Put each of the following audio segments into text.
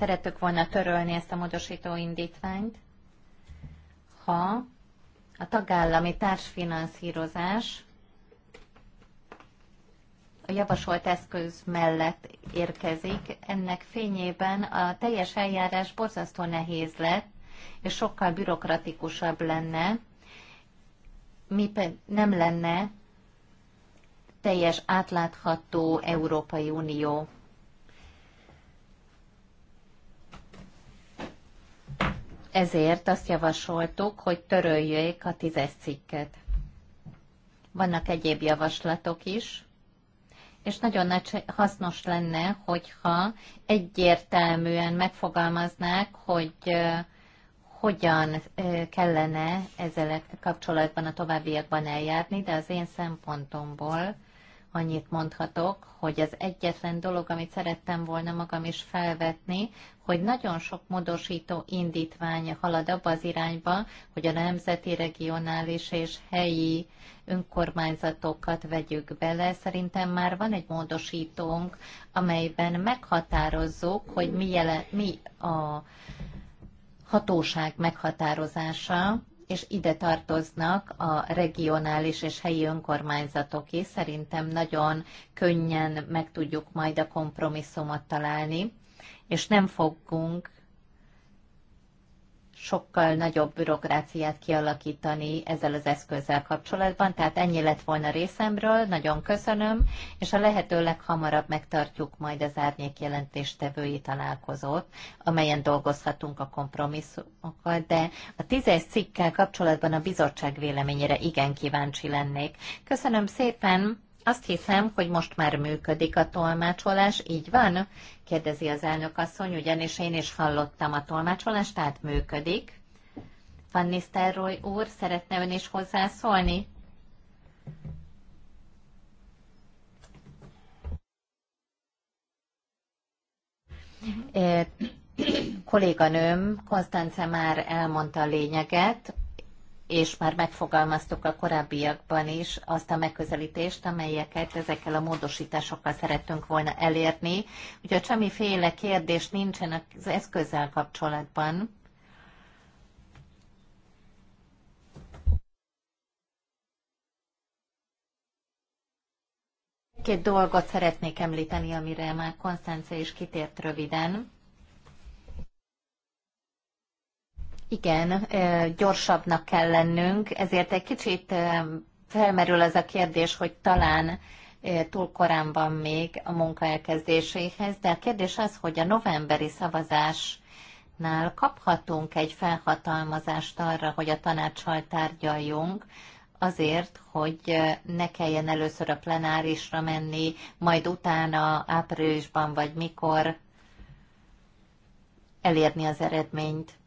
Szerettük volna törölni ezt a módosító indítványt, ha a tagállami társfinanszírozás a javasolt eszköz mellett érkezik. Ennek fényében a teljes eljárás borzasztó nehéz lett, és sokkal bürokratikusabb lenne, mi nem lenne teljes átlátható Európai Unió ezért azt javasoltuk, hogy töröljék a tízes cikket. Vannak egyéb javaslatok is, és nagyon nagy hasznos lenne, hogyha egyértelműen megfogalmaznák, hogy hogyan kellene ezzel kapcsolatban a továbbiakban eljárni, de az én szempontomból annyit mondhatok, hogy az egyetlen dolog, amit szerettem volna magam is felvetni, hogy nagyon sok módosító indítvány halad abba az irányba, hogy a nemzeti, regionális és helyi önkormányzatokat vegyük bele. Szerintem már van egy módosítónk, amelyben meghatározzuk, hogy mi, jele, mi a hatóság meghatározása, és ide tartoznak a regionális és helyi önkormányzatok is. Szerintem nagyon könnyen meg tudjuk majd a kompromisszumot találni, és nem fogunk sokkal nagyobb bürokráciát kialakítani ezzel az eszközzel kapcsolatban. Tehát ennyi lett volna részemről, nagyon köszönöm, és a lehető leghamarabb megtartjuk majd az árnyék jelentéstevői találkozót, amelyen dolgozhatunk a kompromisszumokat, de a tízes cikkkel kapcsolatban a bizottság véleményére igen kíváncsi lennék. Köszönöm szépen! Azt hiszem, hogy most már működik a tolmácsolás, így van? Kérdezi az elnök asszony, ugyanis én is hallottam a tolmácsolást, tehát működik. Van Nisztelrooy úr, szeretne ön is hozzászólni? Eh, kolléganőm Konstance már elmondta a lényeget, és már megfogalmaztuk a korábbiakban is azt a megközelítést, amelyeket ezekkel a módosításokkal szerettünk volna elérni. Úgyhogy semmiféle kérdés nincsen az eszközzel kapcsolatban. Két dolgot szeretnék említeni, amire már Konstancia is kitért röviden. Igen, gyorsabbnak kell lennünk, ezért egy kicsit felmerül az a kérdés, hogy talán túl korán van még a munka elkezdéséhez, de a kérdés az, hogy a novemberi szavazásnál kaphatunk egy felhatalmazást arra, hogy a tanácssal tárgyaljunk, azért, hogy ne kelljen először a plenárisra menni, majd utána áprilisban vagy mikor elérni az eredményt.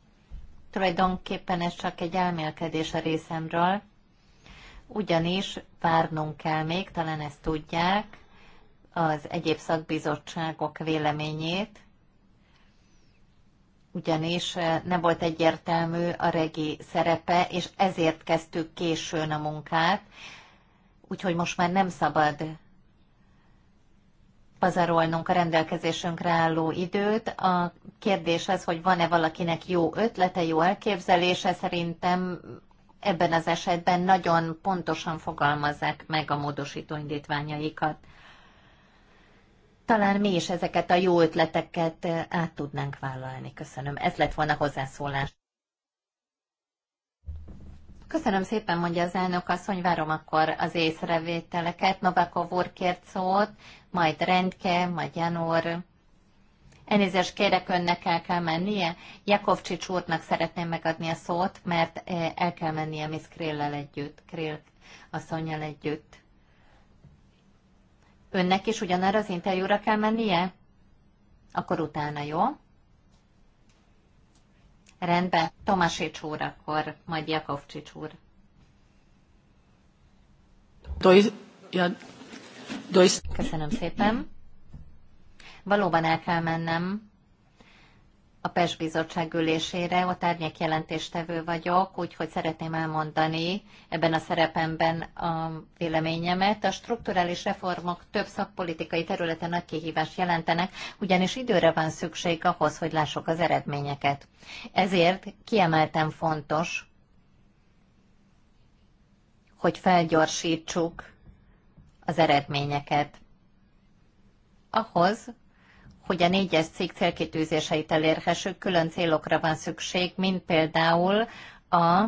Tulajdonképpen ez csak egy elmélkedés a részemről, ugyanis várnunk kell még, talán ezt tudják, az egyéb szakbizottságok véleményét, ugyanis eh, nem volt egyértelmű a regi szerepe, és ezért kezdtük későn a munkát, úgyhogy most már nem szabad pazarolnunk a rendelkezésünkre álló időt. A kérdés az, hogy van-e valakinek jó ötlete, jó elképzelése, szerintem ebben az esetben nagyon pontosan fogalmazzák meg a módosító indítványaikat. Talán mi is ezeket a jó ötleteket eh, át tudnánk vállalni. Köszönöm. Ez lett volna hozzászólás. Köszönöm szépen, mondja az elnök asszony, várom akkor az észrevételeket. Novakov úr kért szót, majd Rendke, majd Janor. Elnézést kérek, önnek el kell mennie. Jakovcsics úrnak szeretném megadni a szót, mert eh, el kell mennie Miss Krillel együtt, Krill asszonyjal együtt. Önnek is ugyanarra az interjúra kell mennie? Akkor utána, jó? Rendben, Tomasics úr, akkor majd Jakovcsics úr. Köszönöm szépen. Valóban el kell mennem, a PES bizottság ülésére, a tárnyék jelentéstevő vagyok, úgyhogy szeretném elmondani ebben a szerepemben a véleményemet. A strukturális reformok több szakpolitikai területen nagy kihívást jelentenek, ugyanis időre van szükség ahhoz, hogy lássuk az eredményeket. Ezért kiemelten fontos, hogy felgyorsítsuk az eredményeket. Ahhoz, hogy a négyes cikk célkitűzéseit elérhessük, külön célokra van szükség, mint például a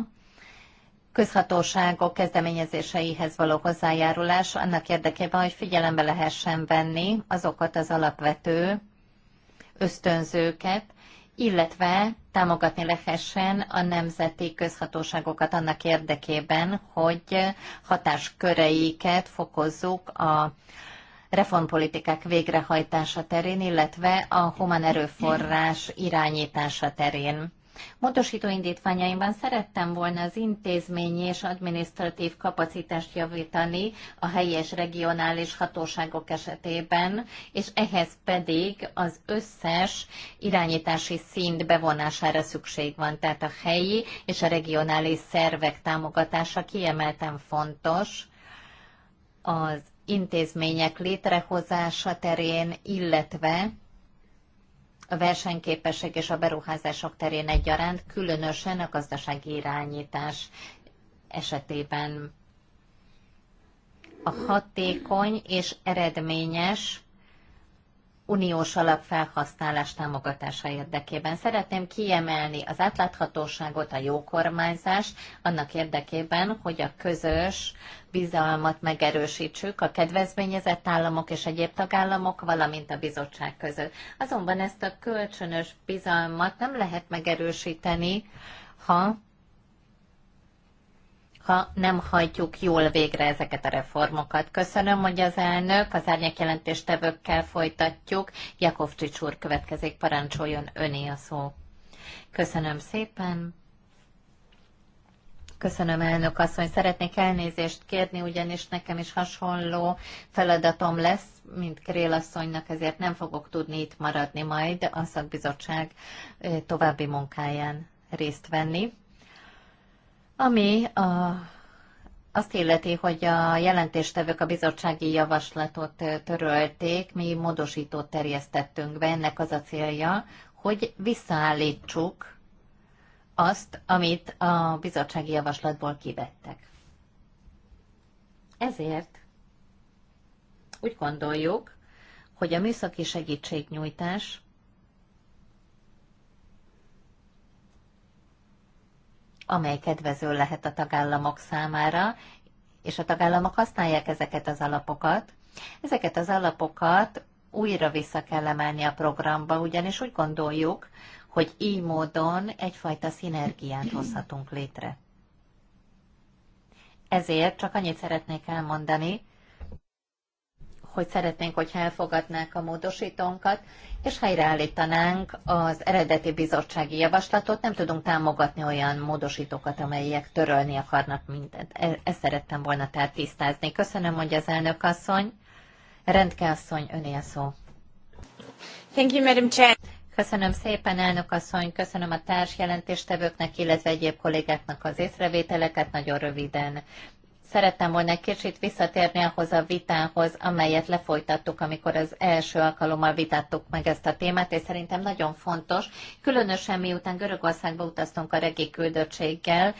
közhatóságok kezdeményezéseihez való hozzájárulás annak érdekében, hogy figyelembe lehessen venni azokat az alapvető ösztönzőket, illetve támogatni lehessen a nemzeti közhatóságokat annak érdekében, hogy hatásköreiket fokozzuk a reformpolitikák végrehajtása terén, illetve a human erőforrás irányítása terén. Módosító indítványaimban szerettem volna az intézményi és adminisztratív kapacitást javítani a helyi és regionális hatóságok esetében, és ehhez pedig az összes irányítási szint bevonására szükség van. Tehát a helyi és a regionális szervek támogatása kiemelten fontos az intézmények létrehozása terén, illetve a versenyképesség és a beruházások terén egyaránt, különösen a gazdasági irányítás esetében. A hatékony és eredményes uniós felhasználás támogatása érdekében. Szeretném kiemelni az átláthatóságot, a jó kormányzás annak érdekében, hogy a közös bizalmat megerősítsük a kedvezményezett államok és egyéb tagállamok, valamint a bizottság között. Azonban ezt a kölcsönös bizalmat nem lehet megerősíteni, ha ha nem hajtjuk jól végre ezeket a reformokat. Köszönöm, hogy az elnök, az árnyak jelentéstevőkkel folytatjuk. Jakov Csics úr következik, parancsoljon öné a szó. Köszönöm szépen. Köszönöm, elnök asszony. Szeretnék elnézést kérni, ugyanis nekem is hasonló feladatom lesz, mint Krél asszonynak, ezért nem fogok tudni itt maradni majd a szakbizottság eh, további munkáján részt venni. Ami a, azt illeti, hogy a jelentéstevők a bizottsági javaslatot törölték, mi módosítót terjesztettünk be, ennek az a célja, hogy visszaállítsuk azt, amit a bizottsági javaslatból kivettek. Ezért úgy gondoljuk, hogy a műszaki segítségnyújtás amely kedvező lehet a tagállamok számára, és a tagállamok használják ezeket az alapokat. Ezeket az alapokat újra vissza kell emelni a programba, ugyanis úgy gondoljuk, hogy így módon egyfajta szinergiát hozhatunk létre. Ezért csak annyit szeretnék elmondani, hogy szeretnénk, hogyha elfogadnák a módosítónkat, és helyreállítanánk az eredeti bizottsági javaslatot. Nem tudunk támogatni olyan módosítókat, amelyek törölni akarnak mindent. E, ezt szerettem volna tehát tisztázni. Köszönöm, hogy az elnök asszony. Rendke asszony, öné a szó. Thank you, Madam Chair. Köszönöm szépen, elnök asszony, köszönöm a társ jelentéstevőknek, illetve egyéb kollégáknak az észrevételeket. Nagyon röviden szerettem volna egy kicsit visszatérni ahhoz a vitához, amelyet lefolytattuk, amikor az első alkalommal vitattuk meg ezt a témát, és szerintem nagyon fontos, különösen miután Görögországba utaztunk a regi küldöttséggel,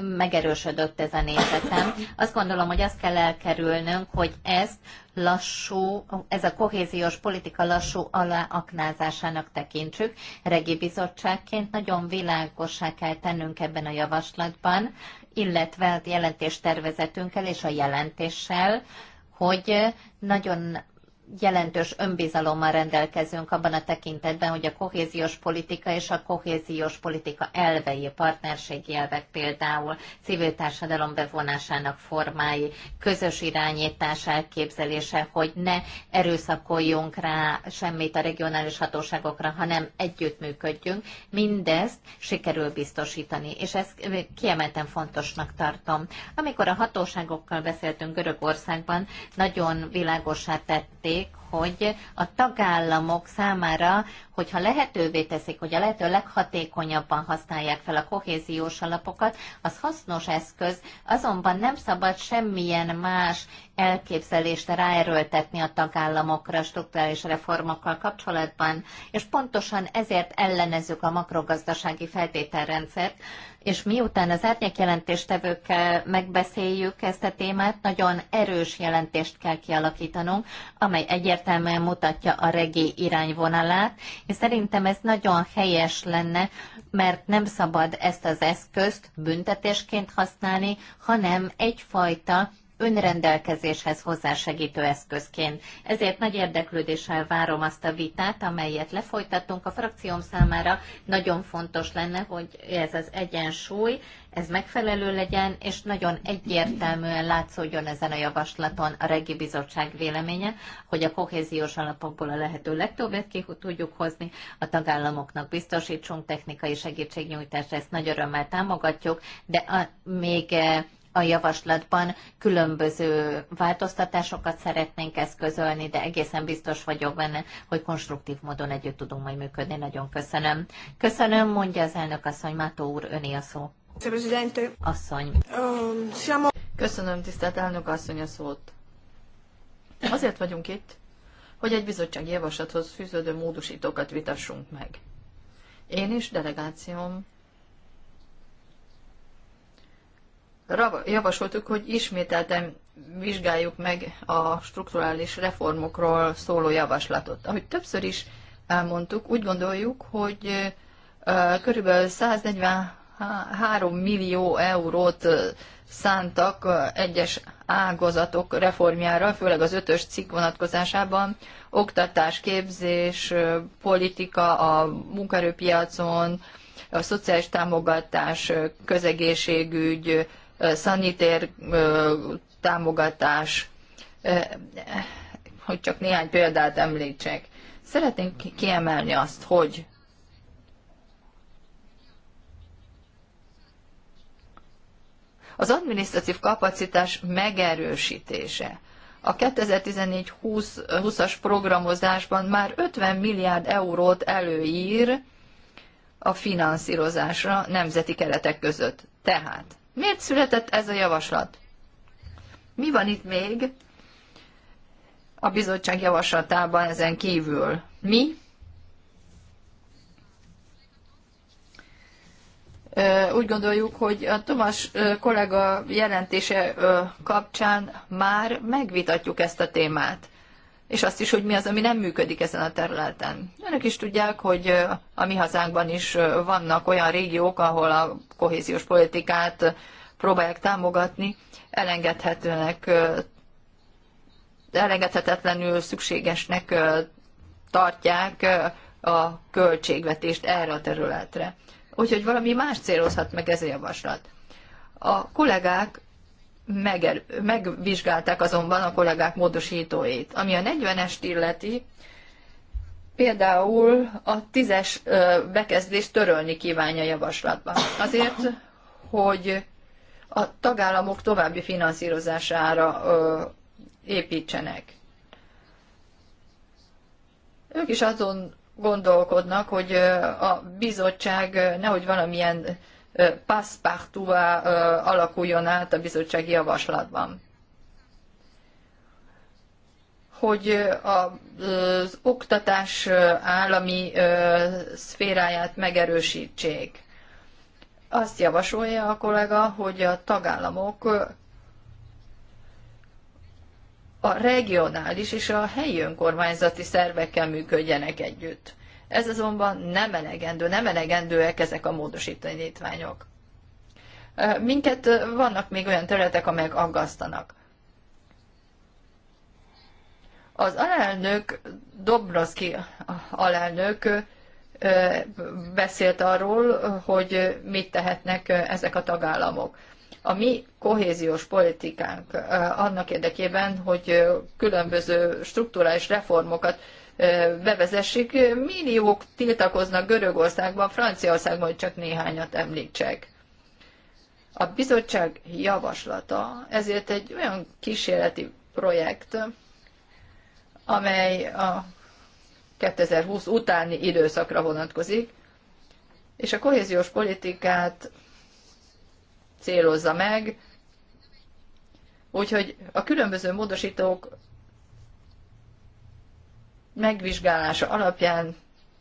megerősödött ez a nézetem. Azt gondolom, hogy azt kell elkerülnünk, hogy ezt lassú, ez a kohéziós politika lassú aláaknázásának tekintsük. Regi bizottságként nagyon világosá kell tennünk ebben a javaslatban, illetve a jelentéstervezetünkkel és a jelentéssel, hogy nagyon jelentős önbizalommal rendelkezünk abban a tekintetben, hogy a kohéziós politika és a kohéziós politika elvei, partnerségi elvek például, civil társadalom bevonásának formái, közös irányítás elképzelése, hogy ne erőszakoljunk rá semmit a regionális hatóságokra, hanem együttműködjünk, mindezt sikerül biztosítani, és ezt kiemelten fontosnak tartom. Amikor a hatóságokkal beszéltünk Görögországban, nagyon világosá tették, elég, hogy a tagállamok számára, hogyha lehetővé teszik, hogy a lehető leghatékonyabban használják fel a kohéziós alapokat, az hasznos eszköz, azonban nem szabad semmilyen más elképzelést ráerőltetni a tagállamokra struktúrális reformokkal kapcsolatban, és pontosan ezért ellenezzük a makrogazdasági feltételrendszert, és miután az árnyékjelentéstevőkkel megbeszéljük ezt a témát, nagyon erős jelentést kell kialakítanunk, amely egyértelmű egyértelműen mutatja a regély irányvonalát, és szerintem ez nagyon helyes lenne, mert nem szabad ezt az eszközt büntetésként használni, hanem egyfajta önrendelkezéshez hozzásegítő eszközként. Ezért nagy érdeklődéssel várom azt a vitát, amelyet lefolytattunk. A frakcióm számára nagyon fontos lenne, hogy ez az egyensúly, ez megfelelő legyen, és nagyon egyértelműen látszódjon ezen a javaslaton a Regi Bizottság véleménye, hogy a kohéziós alapokból a lehető legtöbbet ki tudjuk hozni, a tagállamoknak biztosítsunk technikai segítségnyújtást, ezt nagy örömmel támogatjuk, de a, még eh, a javaslatban különböző változtatásokat szeretnénk eszközölni, de egészen biztos vagyok benne, hogy konstruktív módon együtt tudunk majd működni. Nagyon köszönöm. Köszönöm, mondja az elnök asszony, Mátó úr, öné a szó. Asszony. Um, köszönöm, tisztelt elnök asszony, a szót. Azért vagyunk itt, hogy egy bizottsági javaslathoz fűződő módosítókat vitassunk meg. Én és delegációm javasoltuk, hogy ismételten vizsgáljuk meg a strukturális reformokról szóló javaslatot. Ahogy többször is elmondtuk, úgy gondoljuk, hogy körülbelül 143 millió eurót szántak egyes ágazatok reformjára, főleg az ötös cikk vonatkozásában, oktatás, képzés, politika a munkaerőpiacon, a szociális támogatás, közegészségügy, szanitér támogatás, hogy csak néhány példát említsek. Szeretnénk kiemelni azt, hogy az adminisztratív kapacitás megerősítése. A 2014-20-as programozásban már 50 milliárd eurót előír a finanszírozásra nemzeti keretek között. Tehát Miért született ez a javaslat? Mi van itt még a bizottság javaslatában ezen kívül? Mi? Úgy gondoljuk, hogy a Tomas kollega jelentése kapcsán már megvitatjuk ezt a témát és azt is, hogy mi az, ami nem működik ezen a területen. Önök is tudják, hogy a mi hazánkban is vannak olyan régiók, ahol a kohéziós politikát próbálják támogatni, elengedhetőnek, elengedhetetlenül szükségesnek tartják a költségvetést erre a területre. Úgyhogy valami más célozhat meg ez a javaslat. A kollégák meger, megvizsgálták azonban a kollégák módosítóit. Ami a 40-est illeti, például a 10-es bekezdést törölni kívánja javaslatban. Azért, hogy a tagállamok további finanszírozására építsenek. Ők is azon gondolkodnak, hogy a bizottság nehogy valamilyen passzpártúvá alakuljon át a bizottsági javaslatban. Hogy az oktatás állami szféráját megerősítsék. Azt javasolja a kollega, hogy a tagállamok a regionális és a helyi önkormányzati szervekkel működjenek együtt. Ez azonban nem elegendő, nem elegendőek ezek a módosítanítványok. Minket vannak még olyan területek, amelyek aggasztanak. Az alelnök, Dobroszki alelnök beszélt arról, hogy mit tehetnek ezek a tagállamok. A mi kohéziós politikánk annak érdekében, hogy különböző strukturális reformokat bevezessék. Milliók tiltakoznak Görögországban, Franciaországban, hogy csak néhányat említsek. A bizottság javaslata ezért egy olyan kísérleti projekt, amely a 2020 utáni időszakra vonatkozik, és a kohéziós politikát célozza meg, úgyhogy a különböző módosítók megvizsgálása alapján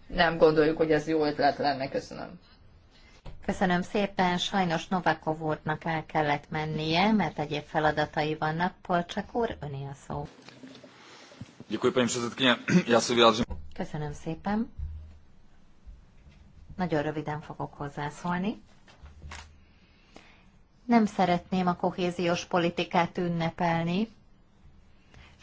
nem gondoljuk, hogy ez jó ötlet lenne. Köszönöm. Köszönöm szépen, sajnos Novakov úrnak el kellett mennie, mert egyéb feladatai vannak. Polcsak úr, öné a szó. Köszönöm szépen. Nagyon röviden fogok hozzászólni. Nem szeretném a kohéziós politikát ünnepelni,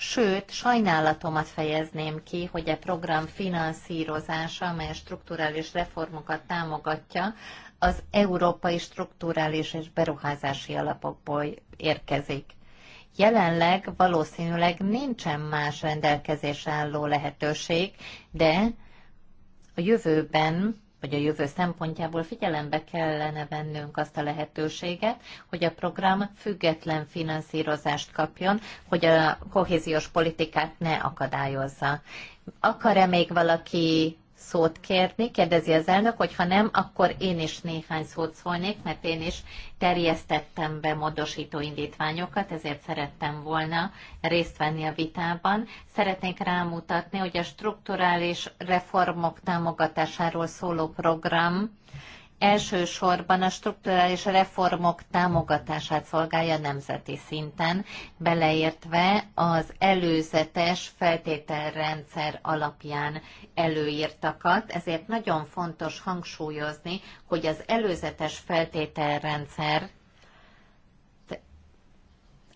Sőt, sajnálatomat fejezném ki, hogy a e program finanszírozása, amely strukturális reformokat támogatja, az európai strukturális és beruházási alapokból érkezik. Jelenleg valószínűleg nincsen más rendelkezés álló lehetőség, de a jövőben vagy a jövő szempontjából figyelembe kellene vennünk azt a lehetőséget, hogy a program független finanszírozást kapjon, hogy a kohéziós politikát ne akadályozza. Akar-e még valaki szót kérni, kérdezi az elnök, hogy ha nem, akkor én is néhány szót szólnék, mert én is terjesztettem be módosító indítványokat, ezért szerettem volna részt venni a vitában. Szeretnék rámutatni, hogy a strukturális reformok támogatásáról szóló program elsősorban a strukturális reformok támogatását szolgálja nemzeti szinten, beleértve az előzetes feltételrendszer alapján előírtakat, ezért nagyon fontos hangsúlyozni, hogy az előzetes feltételrendszer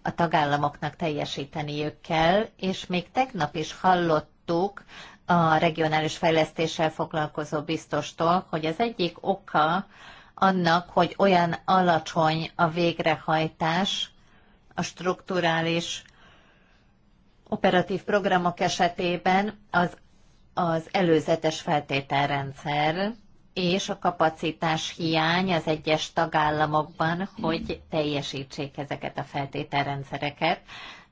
a tagállamoknak teljesíteniük kell, és még tegnap is hallottuk a regionális fejlesztéssel foglalkozó biztostól, hogy az egyik oka annak, hogy olyan alacsony a végrehajtás a strukturális operatív programok esetében az, az előzetes feltételrendszer és a kapacitás hiány az egyes tagállamokban, hogy teljesítsék ezeket a feltételrendszereket.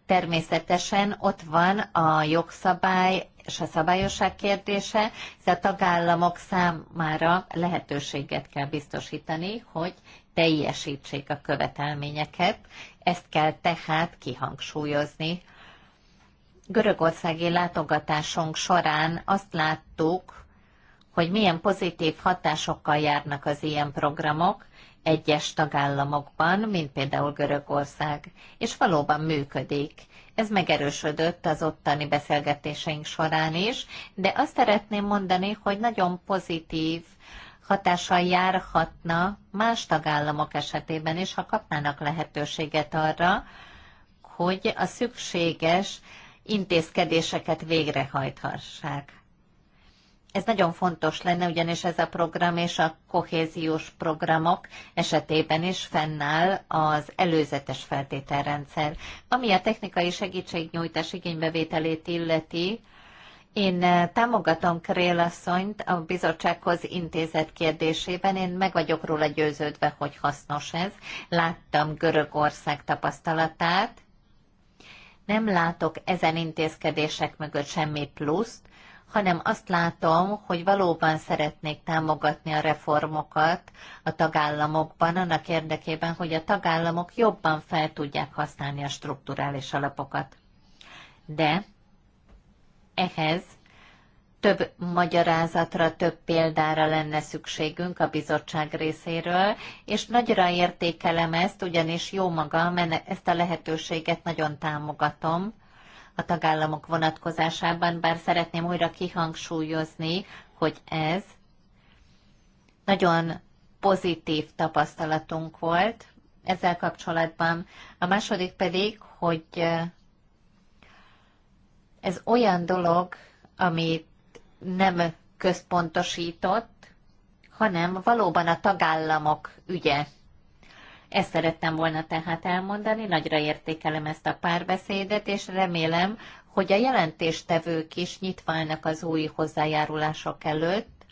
Természetesen ott van a jogszabály, és a szabályosság kérdése, ez a tagállamok számára lehetőséget kell biztosítani, hogy teljesítsék a követelményeket, ezt kell tehát kihangsúlyozni. Görögországi látogatásunk során azt láttuk, hogy milyen pozitív hatásokkal járnak az ilyen programok egyes tagállamokban, mint például Görögország, és valóban működik. Ez megerősödött az ottani beszélgetéseink során is, de azt szeretném mondani, hogy nagyon pozitív hatással járhatna más tagállamok esetében is, ha kapnának lehetőséget arra, hogy a szükséges intézkedéseket végrehajthassák. Ez nagyon fontos lenne, ugyanis ez a program és a kohéziós programok esetében is fennáll az előzetes feltételrendszer. Ami a technikai segítségnyújtás igénybevételét illeti, én eh, támogatom Krél asszonyt a bizottsághoz intézett kérdésében. Én meg vagyok róla győződve, hogy hasznos ez. Láttam Görögország tapasztalatát. Nem látok ezen intézkedések mögött semmi pluszt, hanem azt látom, hogy valóban szeretnék támogatni a reformokat a tagállamokban, annak érdekében, hogy a tagállamok jobban fel tudják használni a strukturális alapokat. De ehhez több magyarázatra, több példára lenne szükségünk a bizottság részéről, és nagyra értékelem ezt, ugyanis jó magam, ezt a lehetőséget nagyon támogatom, a tagállamok vonatkozásában, bár szeretném újra kihangsúlyozni, hogy ez nagyon pozitív tapasztalatunk volt ezzel kapcsolatban. A második pedig, hogy ez olyan dolog, amit nem központosított, hanem valóban a tagállamok ügye. Ezt szerettem volna tehát elmondani, nagyra értékelem ezt a párbeszédet, és remélem, hogy a jelentéstevők is nyitva állnak az új hozzájárulások előtt,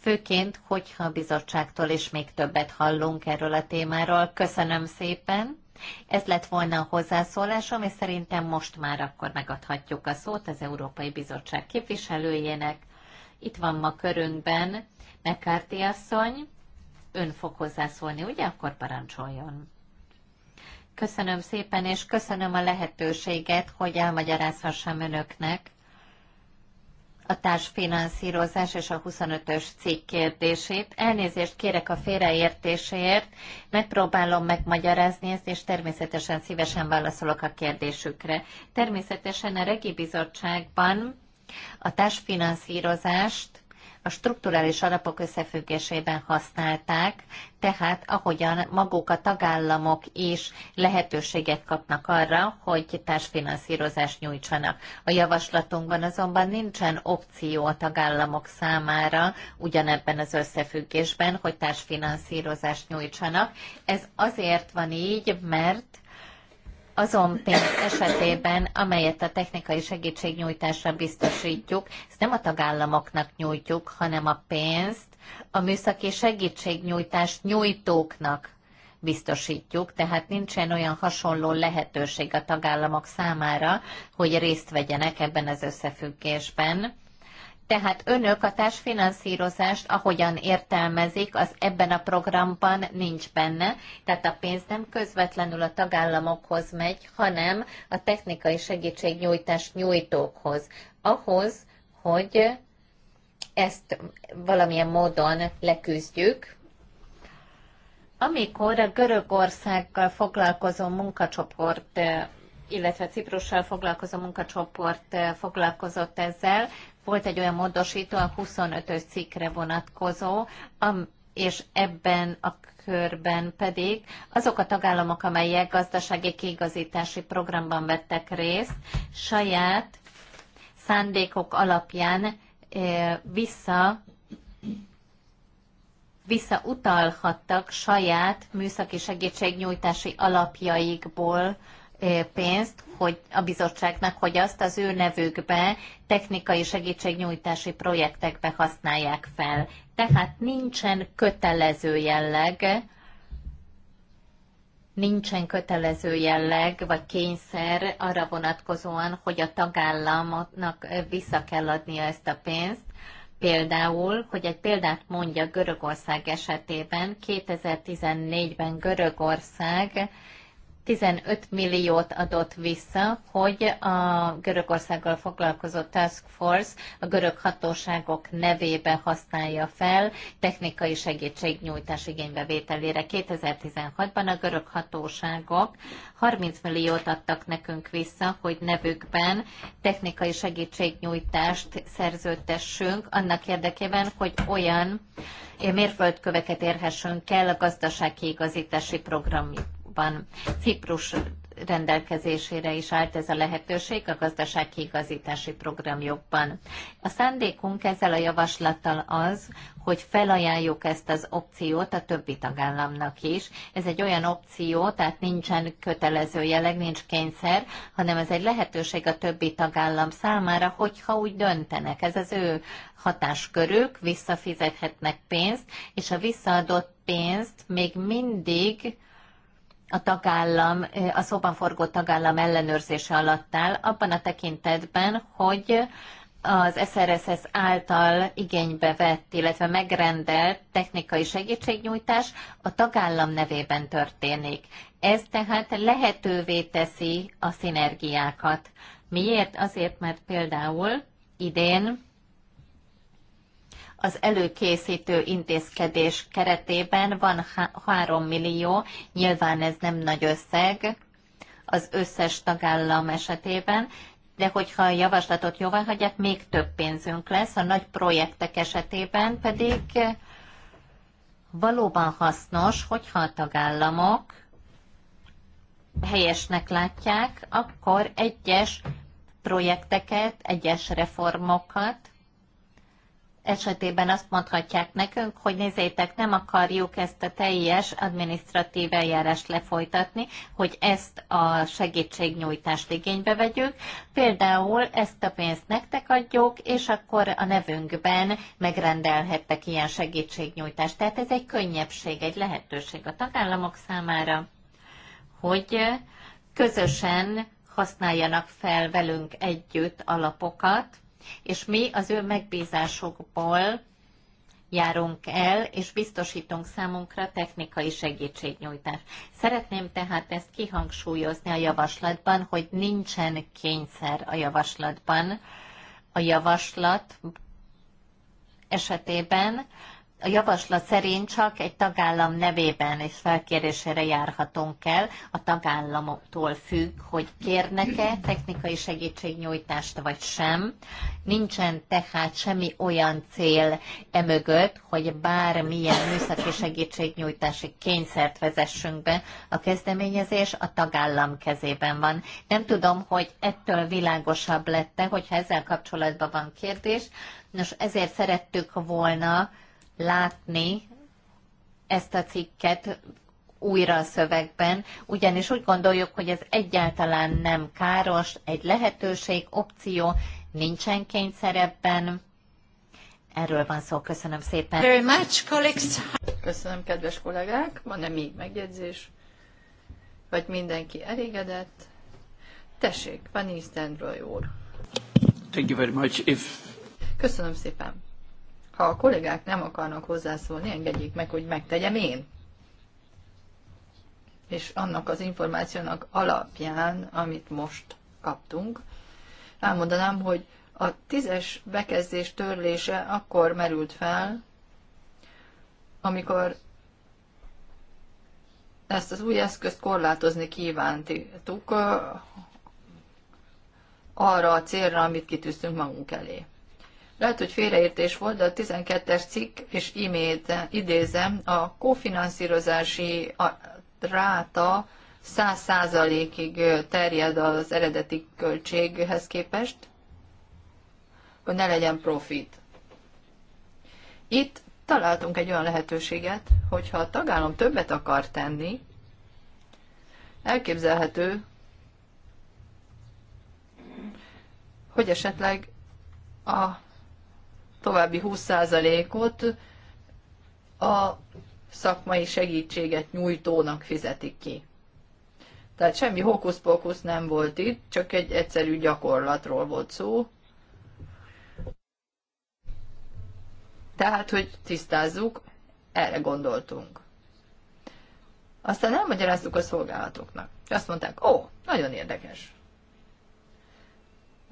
főként, hogyha a bizottságtól is még többet hallunk erről a témáról. Köszönöm szépen! Ez lett volna a hozzászólásom, és szerintem most már akkor megadhatjuk a szót az Európai Bizottság képviselőjének. Itt van ma körünkben McCarthy asszony, ön fog hozzászólni, ugye? Akkor parancsoljon. Köszönöm szépen, és köszönöm a lehetőséget, hogy elmagyarázhassam önöknek a társfinanszírozás és a 25-ös cikk kérdését. Elnézést kérek a félreértéséért, megpróbálom megmagyarázni ezt, és természetesen szívesen válaszolok a kérdésükre. Természetesen a Regi Bizottságban a társfinanszírozást a strukturális alapok összefüggésében használták, tehát ahogyan maguk a tagállamok is lehetőséget kapnak arra, hogy társfinanszírozást nyújtsanak. A javaslatunkban azonban nincsen opció a tagállamok számára ugyanebben az összefüggésben, hogy társfinanszírozást nyújtsanak. Ez azért van így, mert azon pénz esetében, amelyet a technikai segítségnyújtásra biztosítjuk, ezt nem a tagállamoknak nyújtjuk, hanem a pénzt a műszaki segítségnyújtást nyújtóknak biztosítjuk, tehát nincsen olyan hasonló lehetőség a tagállamok számára, hogy részt vegyenek ebben az összefüggésben. Tehát önök a társfinanszírozást ahogyan értelmezik, az ebben a programban nincs benne, tehát a pénz nem közvetlenül a tagállamokhoz megy, hanem a technikai segítségnyújtás nyújtókhoz, ahhoz, hogy ezt valamilyen módon leküzdjük. Amikor a Görögországgal foglalkozó munkacsoport illetve Ciprussal foglalkozó munkacsoport foglalkozott ezzel, volt egy olyan módosító a 25-ös cikkre vonatkozó, és ebben a körben pedig azok a tagállamok, amelyek gazdasági kiigazítási programban vettek részt, saját szándékok alapján vissza visszautalhattak saját műszaki segítségnyújtási alapjaikból pénzt hogy a bizottságnak, hogy azt az ő nevükbe technikai segítségnyújtási projektekbe használják fel. Tehát nincsen kötelező jelleg, nincsen kötelező jelleg vagy kényszer arra vonatkozóan, hogy a tagállamnak vissza kell adnia ezt a pénzt. Például, hogy egy példát mondja Görögország esetében, 2014-ben Görögország 15 milliót adott vissza, hogy a Görögországgal foglalkozó Task Force a görög hatóságok nevében használja fel technikai segítségnyújtás igénybevételére. 2016-ban a görög hatóságok 30 milliót adtak nekünk vissza, hogy nevükben technikai segítségnyújtást szerződtessünk annak érdekében, hogy olyan mérföldköveket érhessünk el a gazdaságkiigazítási programjuk országokban. Ciprus rendelkezésére is állt ez a lehetőség a gazdaságkiigazítási programjukban. A szándékunk ezzel a javaslattal az, hogy felajánljuk ezt az opciót a többi tagállamnak is. Ez egy olyan opció, tehát nincsen kötelező jelleg, nincs kényszer, hanem ez egy lehetőség a többi tagállam számára, hogyha úgy döntenek. Ez az ő hatáskörük, visszafizethetnek pénzt, és a visszaadott pénzt még mindig a tagállam, a szóban forgó tagállam ellenőrzése alatt áll, abban a tekintetben, hogy az SRSS által igénybe vett, illetve megrendelt technikai segítségnyújtás a tagállam nevében történik. Ez tehát lehetővé teszi a szinergiákat. Miért? Azért, mert például idén az előkészítő intézkedés keretében van 3 millió, nyilván ez nem nagy összeg az összes tagállam esetében, de hogyha a javaslatot jóvá hagyják, még több pénzünk lesz, a nagy projektek esetében pedig valóban hasznos, hogyha a tagállamok helyesnek látják, akkor egyes projekteket, egyes reformokat esetében azt mondhatják nekünk, hogy nézzétek, nem akarjuk ezt a teljes adminisztratív eljárást lefolytatni, hogy ezt a segítségnyújtást igénybe vegyük. Például ezt a pénzt nektek adjuk, és akkor a nevünkben megrendelhettek ilyen segítségnyújtást. Tehát ez egy könnyebbség, egy lehetőség a tagállamok számára, hogy közösen használjanak fel velünk együtt alapokat, és mi az ő megbízásokból járunk el, és biztosítunk számunkra technikai segítségnyújtást. Szeretném tehát ezt kihangsúlyozni a javaslatban, hogy nincsen kényszer a javaslatban. A javaslat esetében a javaslat szerint csak egy tagállam nevében és felkérésére járhatunk el. A tagállamoktól függ, hogy kérnek-e technikai segítségnyújtást vagy sem. Nincsen tehát semmi olyan cél emögött, hogy bármilyen műszaki segítségnyújtási kényszert vezessünk be. A kezdeményezés a tagállam kezében van. Nem tudom, hogy ettől világosabb lett-e, hogyha ezzel kapcsolatban van kérdés. Nos, ezért szerettük volna, látni ezt a cikket újra a szövegben, ugyanis úgy gondoljuk, hogy ez egyáltalán nem káros, egy lehetőség, opció, nincsen kényszerebben. Erről van szó, köszönöm szépen. Very much, colleagues. Köszönöm, kedves kollégák. Van-e még megjegyzés? Vagy mindenki elégedett? Tessék, Van Istenbroy úr. Thank you very much. If... Köszönöm szépen. Ha a kollégák nem akarnak hozzászólni, engedjék meg, hogy megtegyem én. És annak az információnak alapján, amit most kaptunk, elmondanám, hogy a tízes bekezdés törlése akkor merült fel, amikor ezt az új eszközt korlátozni kívántuk arra a célra, amit kitűztünk magunk elé. Lehet, hogy félreértés volt, de a 12-es cikk, és imét idézem, a kofinanszírozási ráta 100%-ig terjed az eredeti költséghez képest, hogy ne legyen profit. Itt találtunk egy olyan lehetőséget, hogyha a tagállam többet akar tenni, elképzelhető, hogy esetleg a további 20%-ot a szakmai segítséget nyújtónak fizetik ki. Tehát semmi hókusz nem volt itt, csak egy egyszerű gyakorlatról volt szó. Tehát, hogy tisztázzuk, erre gondoltunk. Aztán elmagyaráztuk a szolgálatoknak. Azt mondták, ó, nagyon érdekes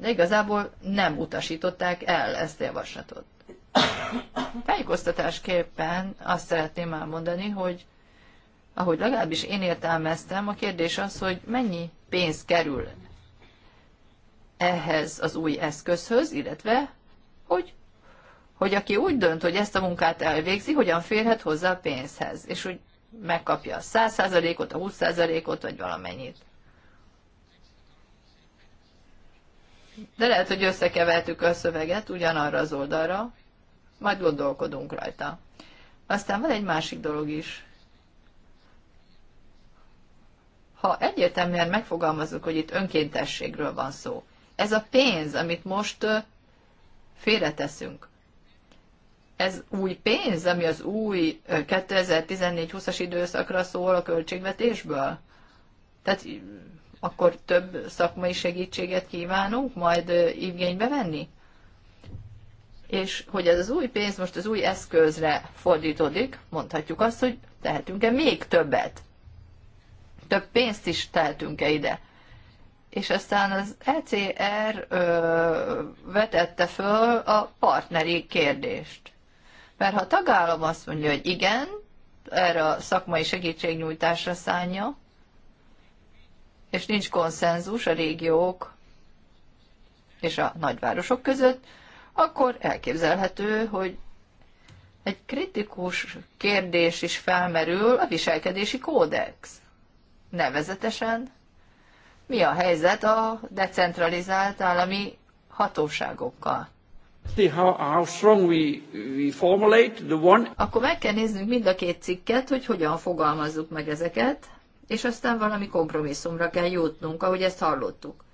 de igazából nem utasították el ezt a javaslatot. Tájékoztatásképpen azt szeretném elmondani, hogy ahogy legalábbis én értelmeztem, a kérdés az, hogy mennyi pénz kerül ehhez az új eszközhöz, illetve hogy, hogy aki úgy dönt, hogy ezt a munkát elvégzi, hogyan férhet hozzá a pénzhez, és hogy megkapja a 100%-ot, a 20%-ot, vagy valamennyit. de lehet, hogy összekevertük a szöveget ugyanarra az oldalra, majd gondolkodunk rajta. Aztán van egy másik dolog is. Ha egyértelműen megfogalmazunk, hogy itt önkéntességről van szó, ez a pénz, amit most félreteszünk, ez új pénz, ami az új 2014-20-as időszakra szól a költségvetésből? Tehát akkor több szakmai segítséget kívánunk majd igénybe venni? És hogy ez az új pénz most az új eszközre fordítódik, mondhatjuk azt, hogy tehetünk-e még többet? Több pénzt is tehetünk-e ide? És aztán az ECR ö, vetette föl a partneri kérdést. Mert ha a tagállam azt mondja, hogy igen, erre a szakmai segítségnyújtásra szánja, és nincs konszenzus a régiók és a nagyvárosok között, akkor elképzelhető, hogy egy kritikus kérdés is felmerül a viselkedési kódex. Nevezetesen, mi a helyzet a decentralizált állami hatóságokkal? Akkor meg kell néznünk mind a két cikket, hogy hogyan fogalmazzuk meg ezeket és aztán valami kompromisszumra kell jutnunk, ahogy ezt hallottuk.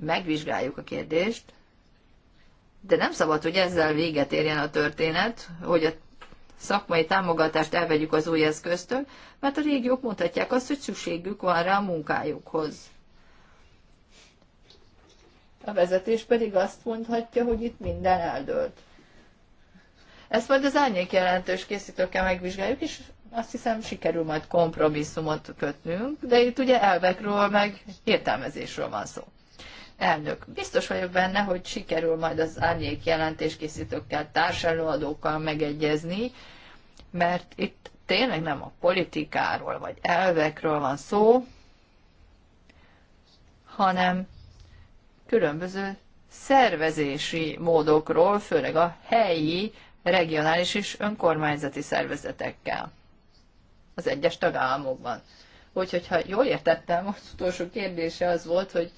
Megvizsgáljuk a kérdést, de nem szabad, hogy ezzel véget érjen a történet, hogy a szakmai támogatást elvegyük az új eszköztől, mert a régiók mutatják azt, hogy szükségük van rá a munkájukhoz. A vezetés pedig azt mondhatja, hogy itt minden eldőlt. Ezt majd az árnyék jelentős készítőkkel megvizsgáljuk, és azt hiszem sikerül majd kompromisszumot kötnünk, de itt ugye elvekről meg értelmezésről van szó. Elnök, biztos vagyok benne, hogy sikerül majd az árnyék jelentéskészítőkkel, társelőadókkal megegyezni, mert itt tényleg nem a politikáról vagy elvekről van szó, hanem különböző szervezési módokról, főleg a helyi, regionális és önkormányzati szervezetekkel az egyes tagállamokban. Úgyhogy, ha jól értettem, az utolsó kérdése az volt, hogy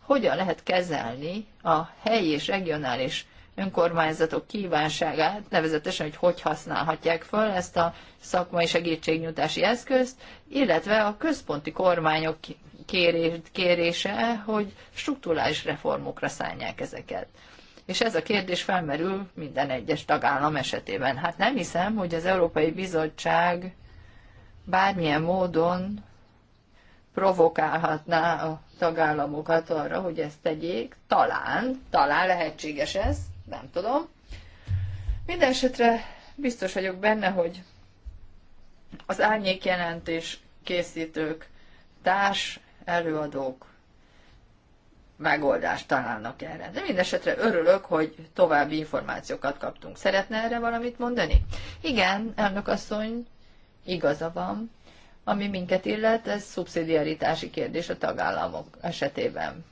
hogyan lehet kezelni a helyi és regionális önkormányzatok kívánságát, nevezetesen, hogy hogy használhatják fel ezt a szakmai segítségnyújtási eszközt, illetve a központi kormányok kérése, hogy struktúrális reformokra szállják ezeket. És ez a kérdés felmerül minden egyes tagállam esetében. Hát nem hiszem, hogy az Európai Bizottság bármilyen módon provokálhatná a tagállamokat arra, hogy ezt tegyék. Talán, talán lehetséges ez, nem tudom. Mindenesetre biztos vagyok benne, hogy az árnyék jelentés készítők, társ előadók megoldást találnak erre. De mindesetre örülök, hogy további információkat kaptunk. Szeretne erre valamit mondani? Igen, elnök asszony, igaza van, ami minket illet, ez szubszidiaritási kérdés a tagállamok esetében.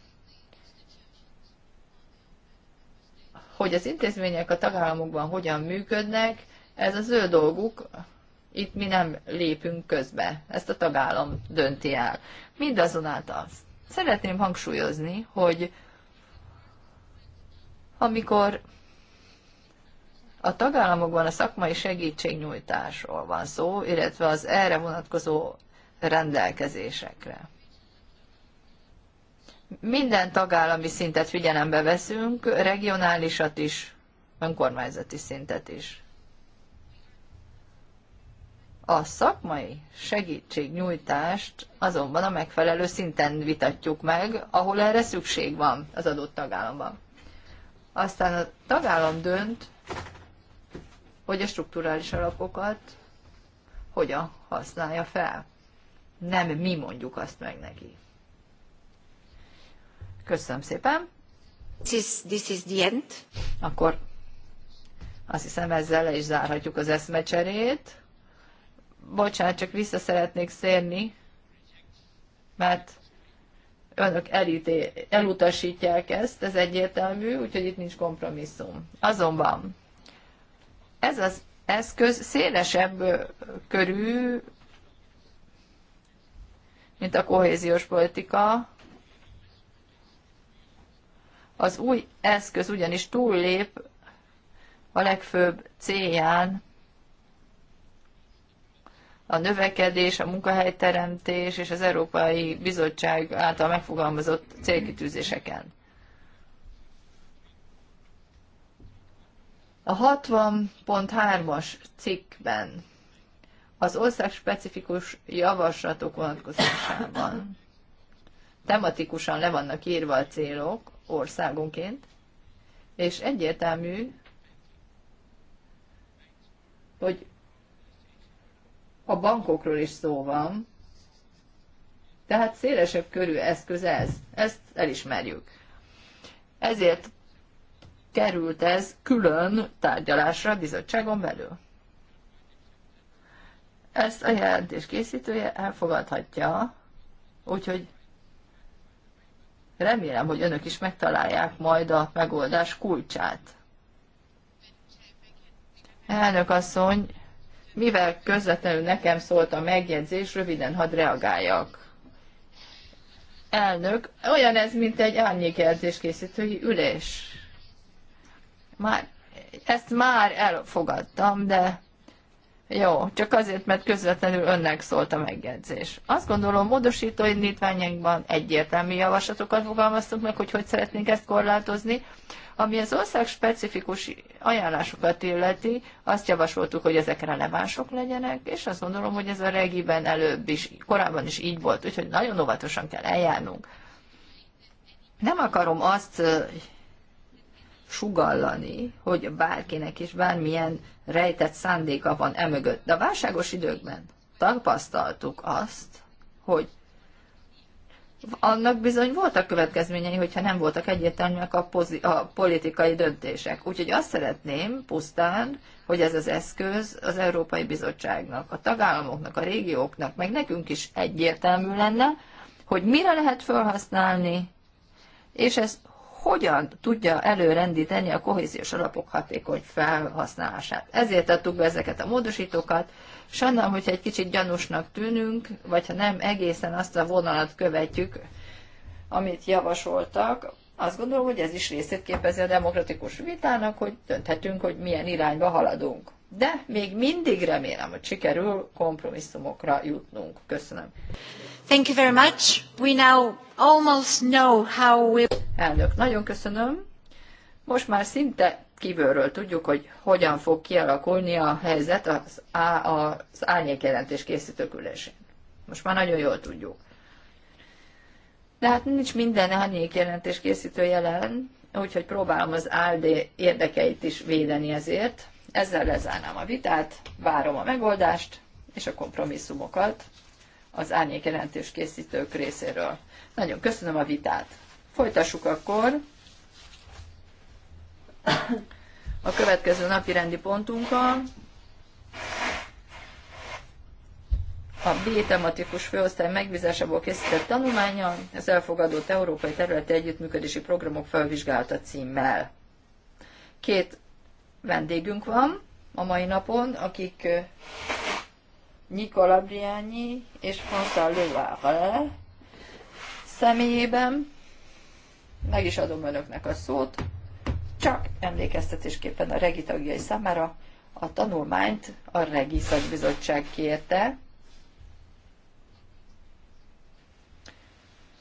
Hogy az intézmények a tagállamokban hogyan működnek, ez az ő dolguk, itt mi nem lépünk közbe, ezt a tagállam dönti el. Mindazonáltal szeretném hangsúlyozni, hogy amikor a tagállamokban a szakmai segítségnyújtásról van szó, illetve az erre vonatkozó rendelkezésekre. Minden tagállami szintet figyelembe veszünk, regionálisat is, önkormányzati szintet is. A szakmai segítségnyújtást azonban a megfelelő szinten vitatjuk meg, ahol erre szükség van az adott tagállamban. Aztán a tagállam dönt hogy a strukturális alapokat hogyan használja fel. Nem mi mondjuk azt meg neki. Köszönöm szépen. This is, this is the end. Akkor azt hiszem ezzel le is zárhatjuk az eszmecserét. Bocsánat, csak vissza szeretnék szérni, mert önök elíté, elutasítják ezt, ez egyértelmű, úgyhogy itt nincs kompromisszum. Azonban ez az eszköz szélesebb körű, mint a kohéziós politika. Az új eszköz ugyanis túllép a legfőbb célján a növekedés, a munkahelyteremtés és az Európai Bizottság által megfogalmazott célkitűzéseken. A 60.3-as cikkben az ország specifikus javaslatok vonatkozásában tematikusan le vannak írva a célok országunként, és egyértelmű, hogy a bankokról is szó van, tehát szélesebb körű eszköz ez, ezt elismerjük. Ezért került ez külön tárgyalásra a bizottságon belül. Ezt a jelentés készítője elfogadhatja, úgyhogy remélem, hogy önök is megtalálják majd a megoldás kulcsát. Elnök asszony, mivel közvetlenül nekem szólt a megjegyzés, röviden hadd reagáljak. Elnök, olyan ez, mint egy árnyékjelzés készítői ülés. Már, ezt már elfogadtam, de jó, csak azért, mert közvetlenül önnek szólt a megjegyzés. Azt gondolom, módosító indítványainkban egyértelmű javaslatokat fogalmaztunk meg, hogy hogy szeretnénk ezt korlátozni. Ami az ország specifikus ajánlásokat illeti, azt javasoltuk, hogy ezek relevánsok legyenek, és azt gondolom, hogy ez a regiben előbb is, korábban is így volt, úgyhogy nagyon óvatosan kell eljárnunk. Nem akarom azt sugallani, hogy bárkinek is bármilyen rejtett szándéka van emögött. De a válságos időkben tapasztaltuk azt, hogy annak bizony voltak következményei, hogyha nem voltak egyértelműek a, pozi- a politikai döntések. Úgyhogy azt szeretném pusztán, hogy ez az eszköz az Európai Bizottságnak, a tagállamoknak, a régióknak, meg nekünk is egyértelmű lenne, hogy mire lehet felhasználni, és ez hogyan tudja előrendíteni a kohéziós alapok hatékony felhasználását. Ezért adtuk be ezeket a módosítókat. Sajnálom, hogyha egy kicsit gyanúsnak tűnünk, vagy ha nem egészen azt a vonalat követjük, amit javasoltak, azt gondolom, hogy ez is részét képezi a demokratikus vitának, hogy dönthetünk, hogy milyen irányba haladunk de még mindig remélem, hogy sikerül kompromisszumokra jutnunk. Köszönöm. Thank you very much. We now almost know how we... Elnök, nagyon köszönöm. Most már szinte kívülről tudjuk, hogy hogyan fog kialakulni a helyzet az, á, az árnyékjelentés készítők ülésén. Most már nagyon jól tudjuk. De hát nincs minden árnyékjelentés készítő jelen, úgyhogy próbálom az ALD érdekeit is védeni ezért ezzel lezárnám a vitát, várom a megoldást és a kompromisszumokat az árnyékjelentés készítők részéről. Nagyon köszönöm a vitát. Folytassuk akkor a következő napi rendi pontunkkal. a B tematikus főosztály megbízásából készített tanulmánya az elfogadott Európai Területi Együttműködési Programok felvizsgálata címmel. Két vendégünk van a mai napon, akik Nikola Briányi és François Levarre személyében. Meg is adom önöknek a szót, csak emlékeztetésképpen a regi tagjai számára a tanulmányt a regi szakbizottság kérte,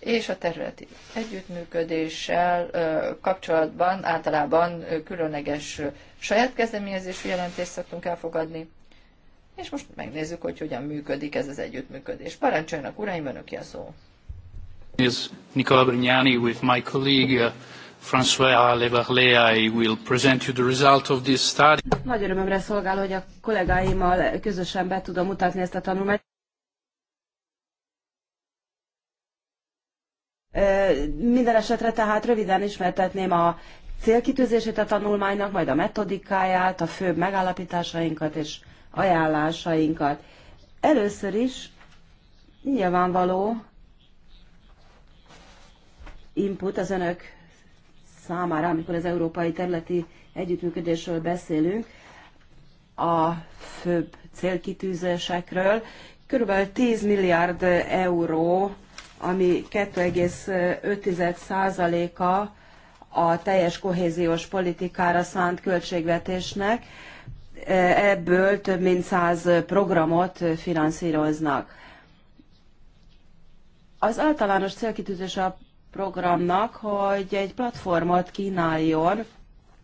és a területi együttműködéssel kapcsolatban általában különleges saját kezdeményezésű jelentést szoktunk elfogadni, és most megnézzük, hogy hogyan működik ez az együttműködés. Parancsoljanak, uraim, önök a szó. Is Nicola Brignani with my colleague uh, François Leverlé, I will present you the result of this study. Nagy örömömre szolgál, hogy a kollégáimmal közösen be tudom mutatni ezt a tanulmányt. Minden esetre tehát röviden ismertetném a célkitűzését a tanulmánynak, majd a metodikáját, a főbb megállapításainkat és ajánlásainkat. Először is nyilvánvaló input az önök számára, amikor az európai területi együttműködésről beszélünk, a főbb célkitűzésekről. Körülbelül 10 milliárd euró ami 2,5%-a a teljes kohéziós politikára szánt költségvetésnek, ebből több mint 100 programot finanszíroznak. Az általános célkitűzés a programnak, hogy egy platformot kínáljon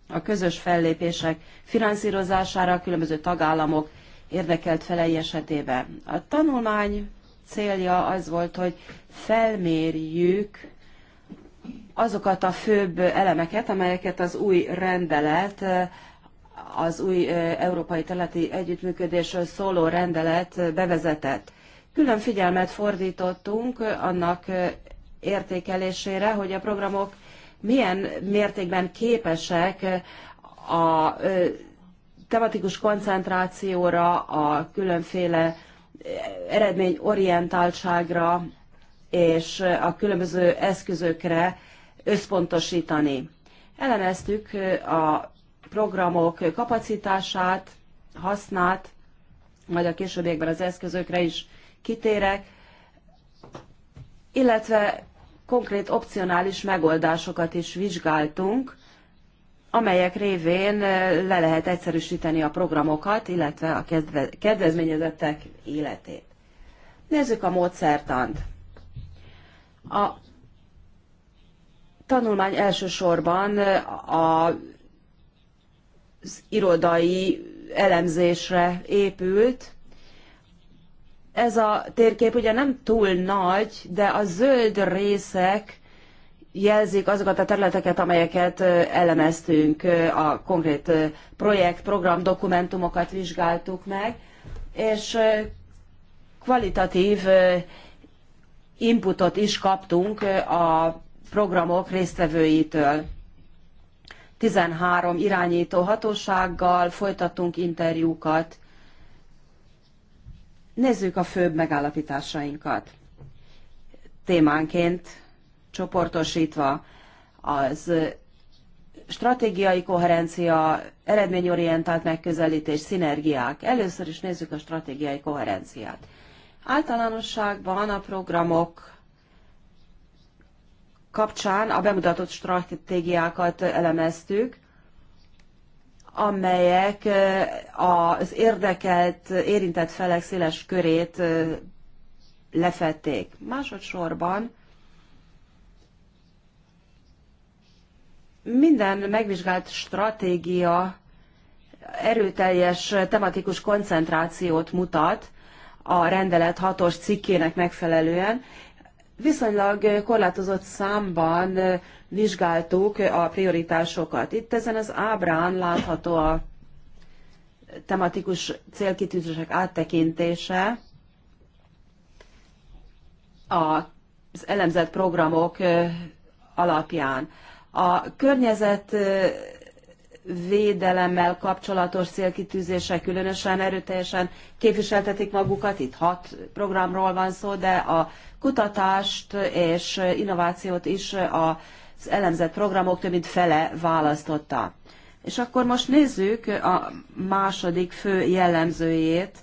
a közös fellépések finanszírozására a különböző tagállamok érdekelt felei esetében. A tanulmány célja az volt, hogy felmérjük azokat a főbb elemeket, amelyeket az új rendelet, az új európai területi együttműködésről szóló rendelet bevezetett. Külön figyelmet fordítottunk annak értékelésére, hogy a programok milyen mértékben képesek a tematikus koncentrációra, a különféle eredményorientáltságra és a különböző eszközökre összpontosítani. Elemeztük a programok kapacitását, hasznát, majd a későbbiekben az eszközökre is kitérek, illetve konkrét opcionális megoldásokat is vizsgáltunk, amelyek révén eh, le lehet egyszerűsíteni a programokat, illetve a kedvezményezettek életét. Nézzük a módszertant. A tanulmány elsősorban eh, az irodai elemzésre épült. Ez a térkép ugye nem túl nagy, de a zöld részek jelzik azokat a területeket, amelyeket elemeztünk, a konkrét projekt, program dokumentumokat vizsgáltuk meg, és kvalitatív inputot is kaptunk a programok résztvevőitől. 13 irányító hatósággal folytattunk interjúkat. Nézzük a főbb megállapításainkat. Témánként csoportosítva. Az stratégiai koherencia, eredményorientált megközelítés, szinergiák. Először is nézzük a stratégiai koherenciát. Általánosságban a programok kapcsán a bemutatott stratégiákat elemeztük, amelyek az érdekelt, érintett felek széles körét lefették. Másodszorban Minden megvizsgált stratégia erőteljes tematikus koncentrációt mutat a rendelet hatos cikkének megfelelően. Viszonylag korlátozott számban vizsgáltuk a prioritásokat. Itt ezen az ábrán látható a tematikus célkitűzések áttekintése az elemzett programok alapján. A környezet védelemmel kapcsolatos célkitűzések különösen erőteljesen képviseltetik magukat. Itt hat programról van szó, de a kutatást és innovációt is az elemzett programok több mint fele választotta. És akkor most nézzük a második fő jellemzőjét,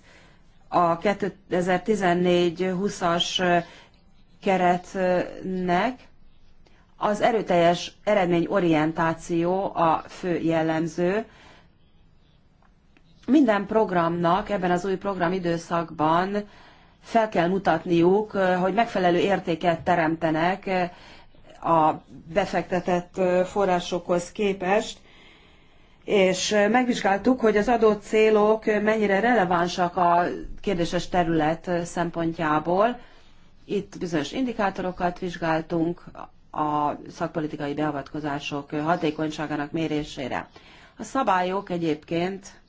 a 2014-20-as keretnek. Az erőteljes eredményorientáció a fő jellemző. Minden programnak ebben az új programidőszakban fel kell mutatniuk, hogy megfelelő értéket teremtenek a befektetett forrásokhoz képest, és megvizsgáltuk, hogy az adott célok mennyire relevánsak a kérdéses terület szempontjából. Itt bizonyos indikátorokat vizsgáltunk, a szakpolitikai beavatkozások hatékonyságának mérésére. A szabályok egyébként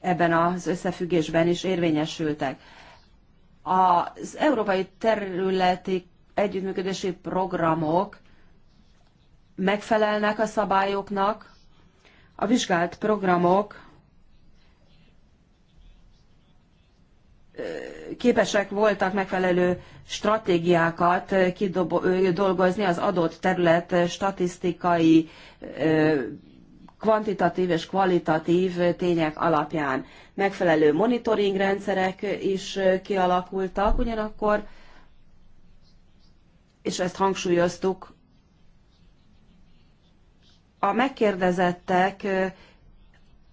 ebben az összefüggésben is érvényesültek. Az európai területi együttműködési programok megfelelnek a szabályoknak, a vizsgált programok képesek voltak megfelelő stratégiákat kidolgozni az adott terület statisztikai, kvantitatív és kvalitatív tények alapján. Megfelelő monitoring rendszerek is kialakultak, ugyanakkor, és ezt hangsúlyoztuk, a megkérdezettek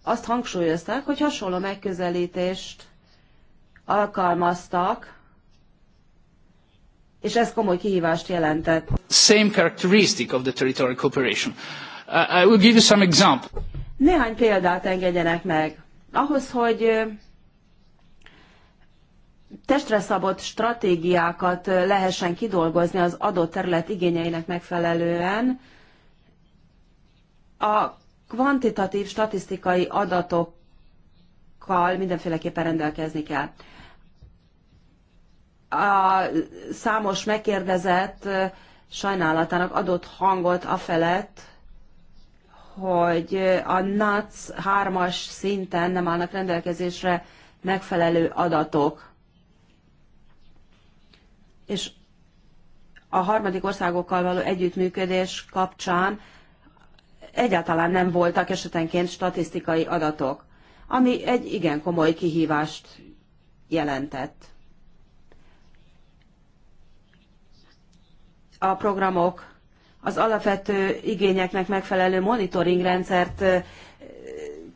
azt hangsúlyozták, hogy hasonló megközelítést alkalmaztak, és ez komoly kihívást jelentett. Same characteristic of the territorial cooperation. Uh, I will give you some example. Néhány példát engedjenek meg. Ahhoz, hogy testre szabott stratégiákat lehessen kidolgozni az adott terület igényeinek megfelelően, a kvantitatív statisztikai adatokkal mindenféleképpen rendelkezni kell a számos megkérdezett sajnálatának adott hangot a felett, hogy a NAC 3-as szinten nem állnak rendelkezésre megfelelő adatok. És a harmadik országokkal való együttműködés kapcsán egyáltalán nem voltak esetenként statisztikai adatok, ami egy igen komoly kihívást jelentett. a programok az alapvető igényeknek megfelelő monitoring rendszert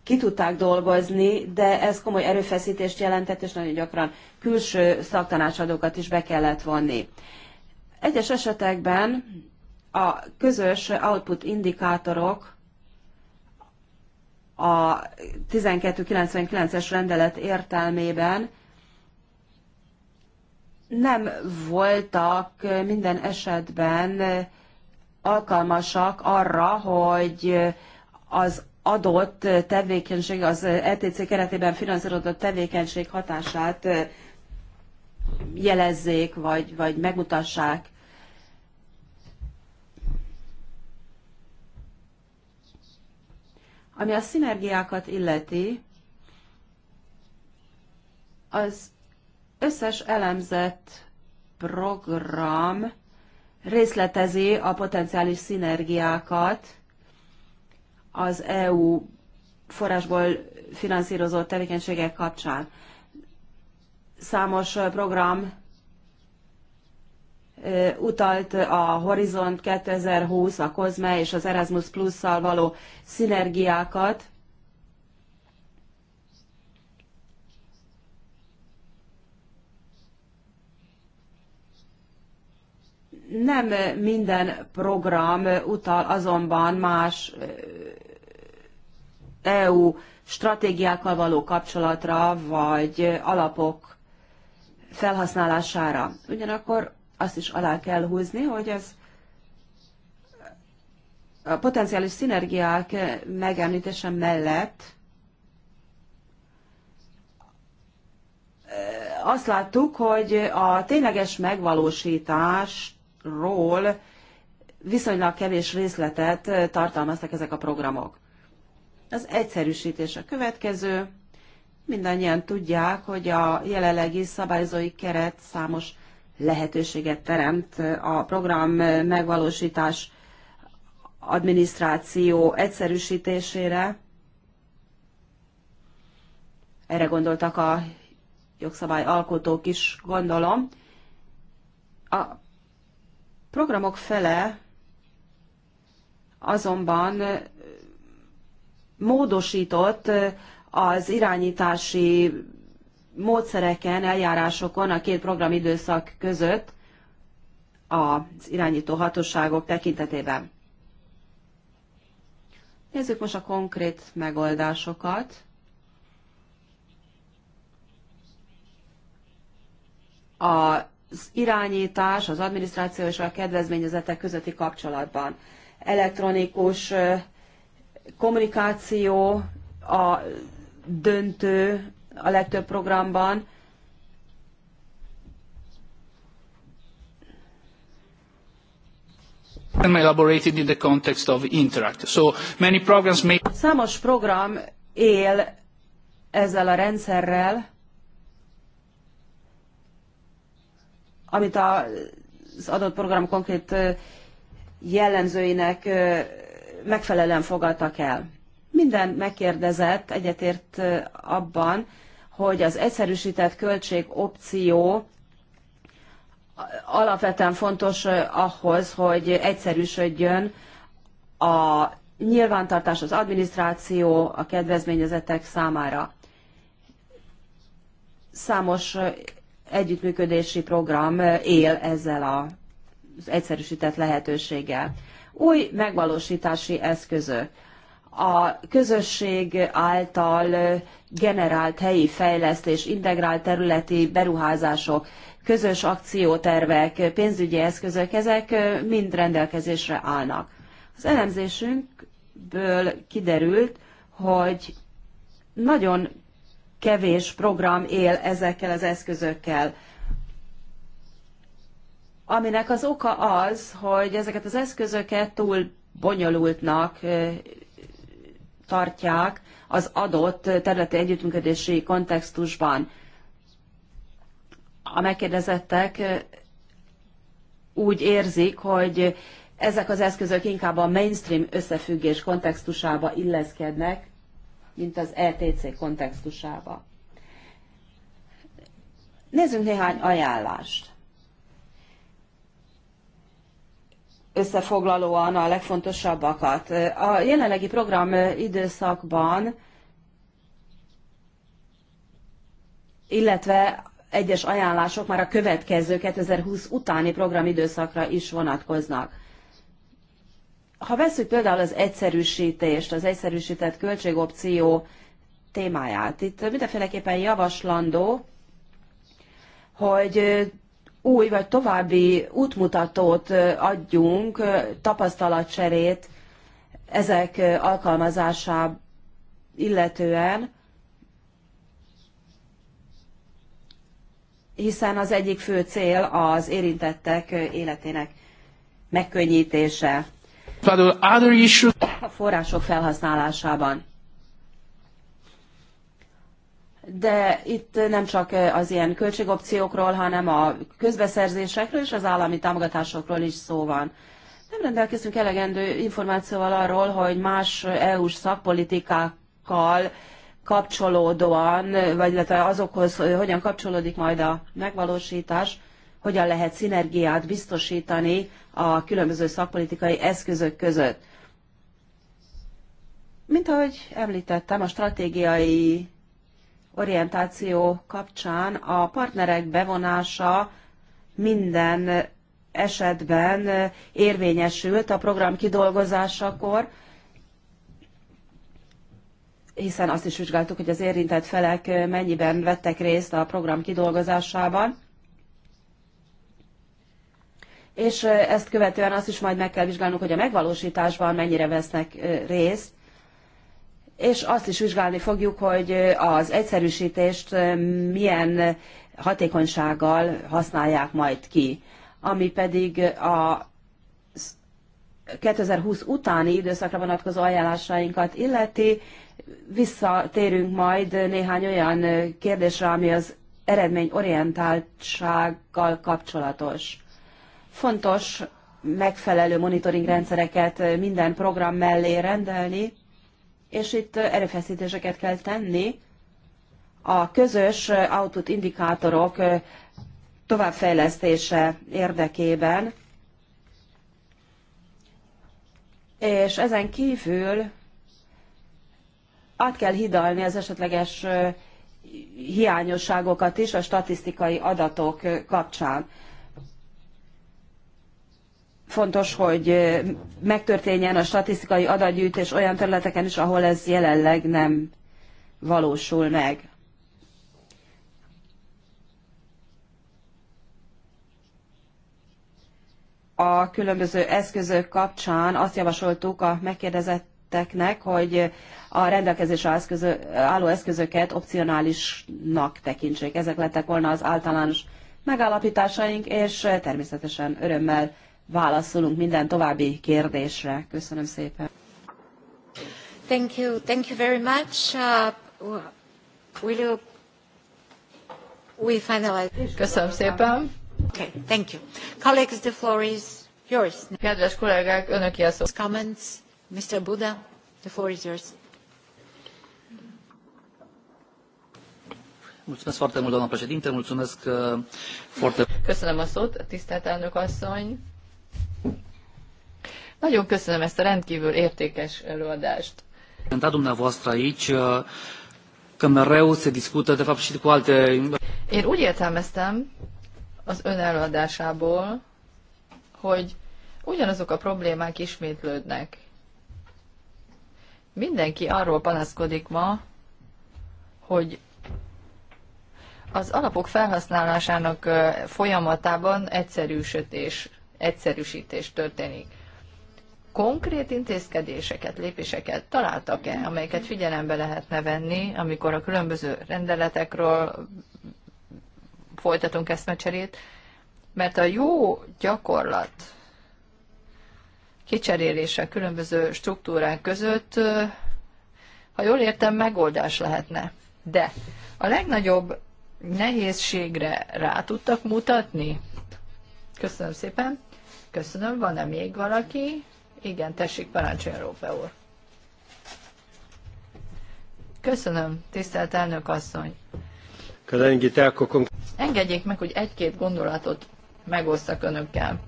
ki tudták dolgozni, de ez komoly erőfeszítést jelentett, és nagyon gyakran külső szaktanácsadókat is be kellett vonni. Egyes esetekben a közös output indikátorok a 1299-es rendelet értelmében nem voltak minden esetben alkalmasak arra, hogy az adott tevékenység, az ETC keretében finanszírozott tevékenység hatását jelezzék, vagy, vagy megmutassák. Ami a szinergiákat illeti, az összes elemzett program részletezi a potenciális szinergiákat az EU forrásból finanszírozott tevékenységek kapcsán. Számos program utalt a Horizont 2020, a COSME és az Erasmus Plus-szal való szinergiákat, Nem minden program utal azonban más eh, EU stratégiákkal való kapcsolatra, vagy alapok felhasználására. Ugyanakkor azt is alá kell húzni, hogy ez a potenciális szinergiák megemlítése mellett eh, azt láttuk, hogy a tényleges megvalósítást ról viszonylag kevés részletet tartalmaztak ezek a programok. Az egyszerűsítés a következő. Mindannyian tudják, hogy a jelenlegi szabályozói keret számos lehetőséget teremt a program megvalósítás adminisztráció egyszerűsítésére. Erre gondoltak a alkotók is, gondolom. A programok fele azonban módosított az irányítási módszereken, eljárásokon a két programidőszak között az irányító hatóságok tekintetében. Nézzük most a konkrét megoldásokat. A az irányítás, az adminisztráció és a kedvezményezetek közötti kapcsolatban. Elektronikus kommunikáció a döntő a legtöbb programban. Elaborated in the context of Interact. So many programs may... Számos program él ezzel a rendszerrel, amit az adott program konkrét jellemzőinek megfelelően fogadtak el. Minden megkérdezett egyetért abban, hogy az egyszerűsített költség opció alapvetően fontos ahhoz, hogy egyszerűsödjön a nyilvántartás, az adminisztráció a kedvezményezettek számára. Számos együttműködési program él ezzel az egyszerűsített lehetőséggel. Új megvalósítási eszközök. A közösség által generált helyi fejlesztés, integrált területi beruházások, közös akciótervek, pénzügyi eszközök, ezek mind rendelkezésre állnak. Az elemzésünkből kiderült, hogy nagyon kevés program él ezekkel az eszközökkel. Aminek az oka az, hogy ezeket az eszközöket túl bonyolultnak tartják az adott területi együttműködési kontextusban. A megkérdezettek úgy érzik, hogy ezek az eszközök inkább a mainstream összefüggés kontextusába illeszkednek, mint az ETC kontextusába. Nézzünk néhány ajánlást. Összefoglalóan a legfontosabbakat. A jelenlegi program időszakban, illetve egyes ajánlások már a következő 2020 utáni programidőszakra is vonatkoznak. Ha veszük például az egyszerűsítést, az egyszerűsített költségopció témáját, itt mindenféleképpen javaslandó, hogy új vagy további útmutatót adjunk, tapasztalatcserét ezek alkalmazásá illetően, hiszen az egyik fő cél az érintettek életének megkönnyítése. A források felhasználásában. De itt nem csak az ilyen költségopciókról, hanem a közbeszerzésekről és az állami támogatásokról is szó van. Nem rendelkezünk elegendő információval arról, hogy más EU-s szakpolitikákkal kapcsolódóan, vagy illetve azokhoz hogyan kapcsolódik majd a megvalósítás hogyan lehet szinergiát biztosítani a különböző szakpolitikai eszközök között. Mint ahogy említettem, a stratégiai orientáció kapcsán a partnerek bevonása minden esetben érvényesült a program kidolgozásakor, hiszen azt is vizsgáltuk, hogy az érintett felek mennyiben vettek részt a program kidolgozásában és ezt követően azt is majd meg kell vizsgálnunk, hogy a megvalósításban mennyire vesznek részt, és azt is vizsgálni fogjuk, hogy az egyszerűsítést milyen hatékonysággal használják majd ki, ami pedig a 2020 utáni időszakra vonatkozó ajánlásainkat illeti, visszatérünk majd néhány olyan kérdésre, ami az eredményorientáltsággal kapcsolatos. Fontos megfelelő monitoring rendszereket minden program mellé rendelni, és itt erőfeszítéseket kell tenni a közös output indikátorok továbbfejlesztése érdekében, és ezen kívül át kell hidalni az esetleges hiányosságokat is a statisztikai adatok kapcsán fontos, hogy megtörténjen a statisztikai adatgyűjtés olyan területeken is, ahol ez jelenleg nem valósul meg. A különböző eszközök kapcsán azt javasoltuk a megkérdezetteknek, hogy a rendelkezés álló eszközöket opcionálisnak tekintsék. Ezek lettek volna az általános megállapításaink, és természetesen örömmel válaszolunk minden további kérdésre. Köszönöm szépen. Thank you, thank you very much. Uh, will you... We finalize. Köszönöm szépen. Okay, thank you. Colleagues, the floor is yours. Kedves kollégák, önök a szó. Comments, Mr. Buda, the floor is yours. Mulțumesc foarte mult, doamna președinte, mulțumesc uh, foarte... Köszönöm a szót, tisztelt elnök asszony. Nagyon köszönöm ezt a rendkívül értékes előadást. Uh, Én úgy értelmeztem az ön előadásából, hogy ugyanazok a problémák ismétlődnek. Mindenki arról panaszkodik ma, hogy az alapok felhasználásának uh, folyamatában egyszerűsítés, egyszerűsítés történik konkrét intézkedéseket, lépéseket találtak-e, amelyeket figyelembe lehetne venni, amikor a különböző rendeletekről folytatunk eszmecserét, mert a jó gyakorlat kicserélése különböző struktúrák között, ha jól értem, megoldás lehetne. De a legnagyobb nehézségre rá tudtak mutatni? Köszönöm szépen. Köszönöm, van-e még valaki? Igen, tessék, parancsoljon Rófe úr. Köszönöm, tisztelt elnök asszony. Engedjék meg, hogy egy-két gondolatot megosztak önökkel.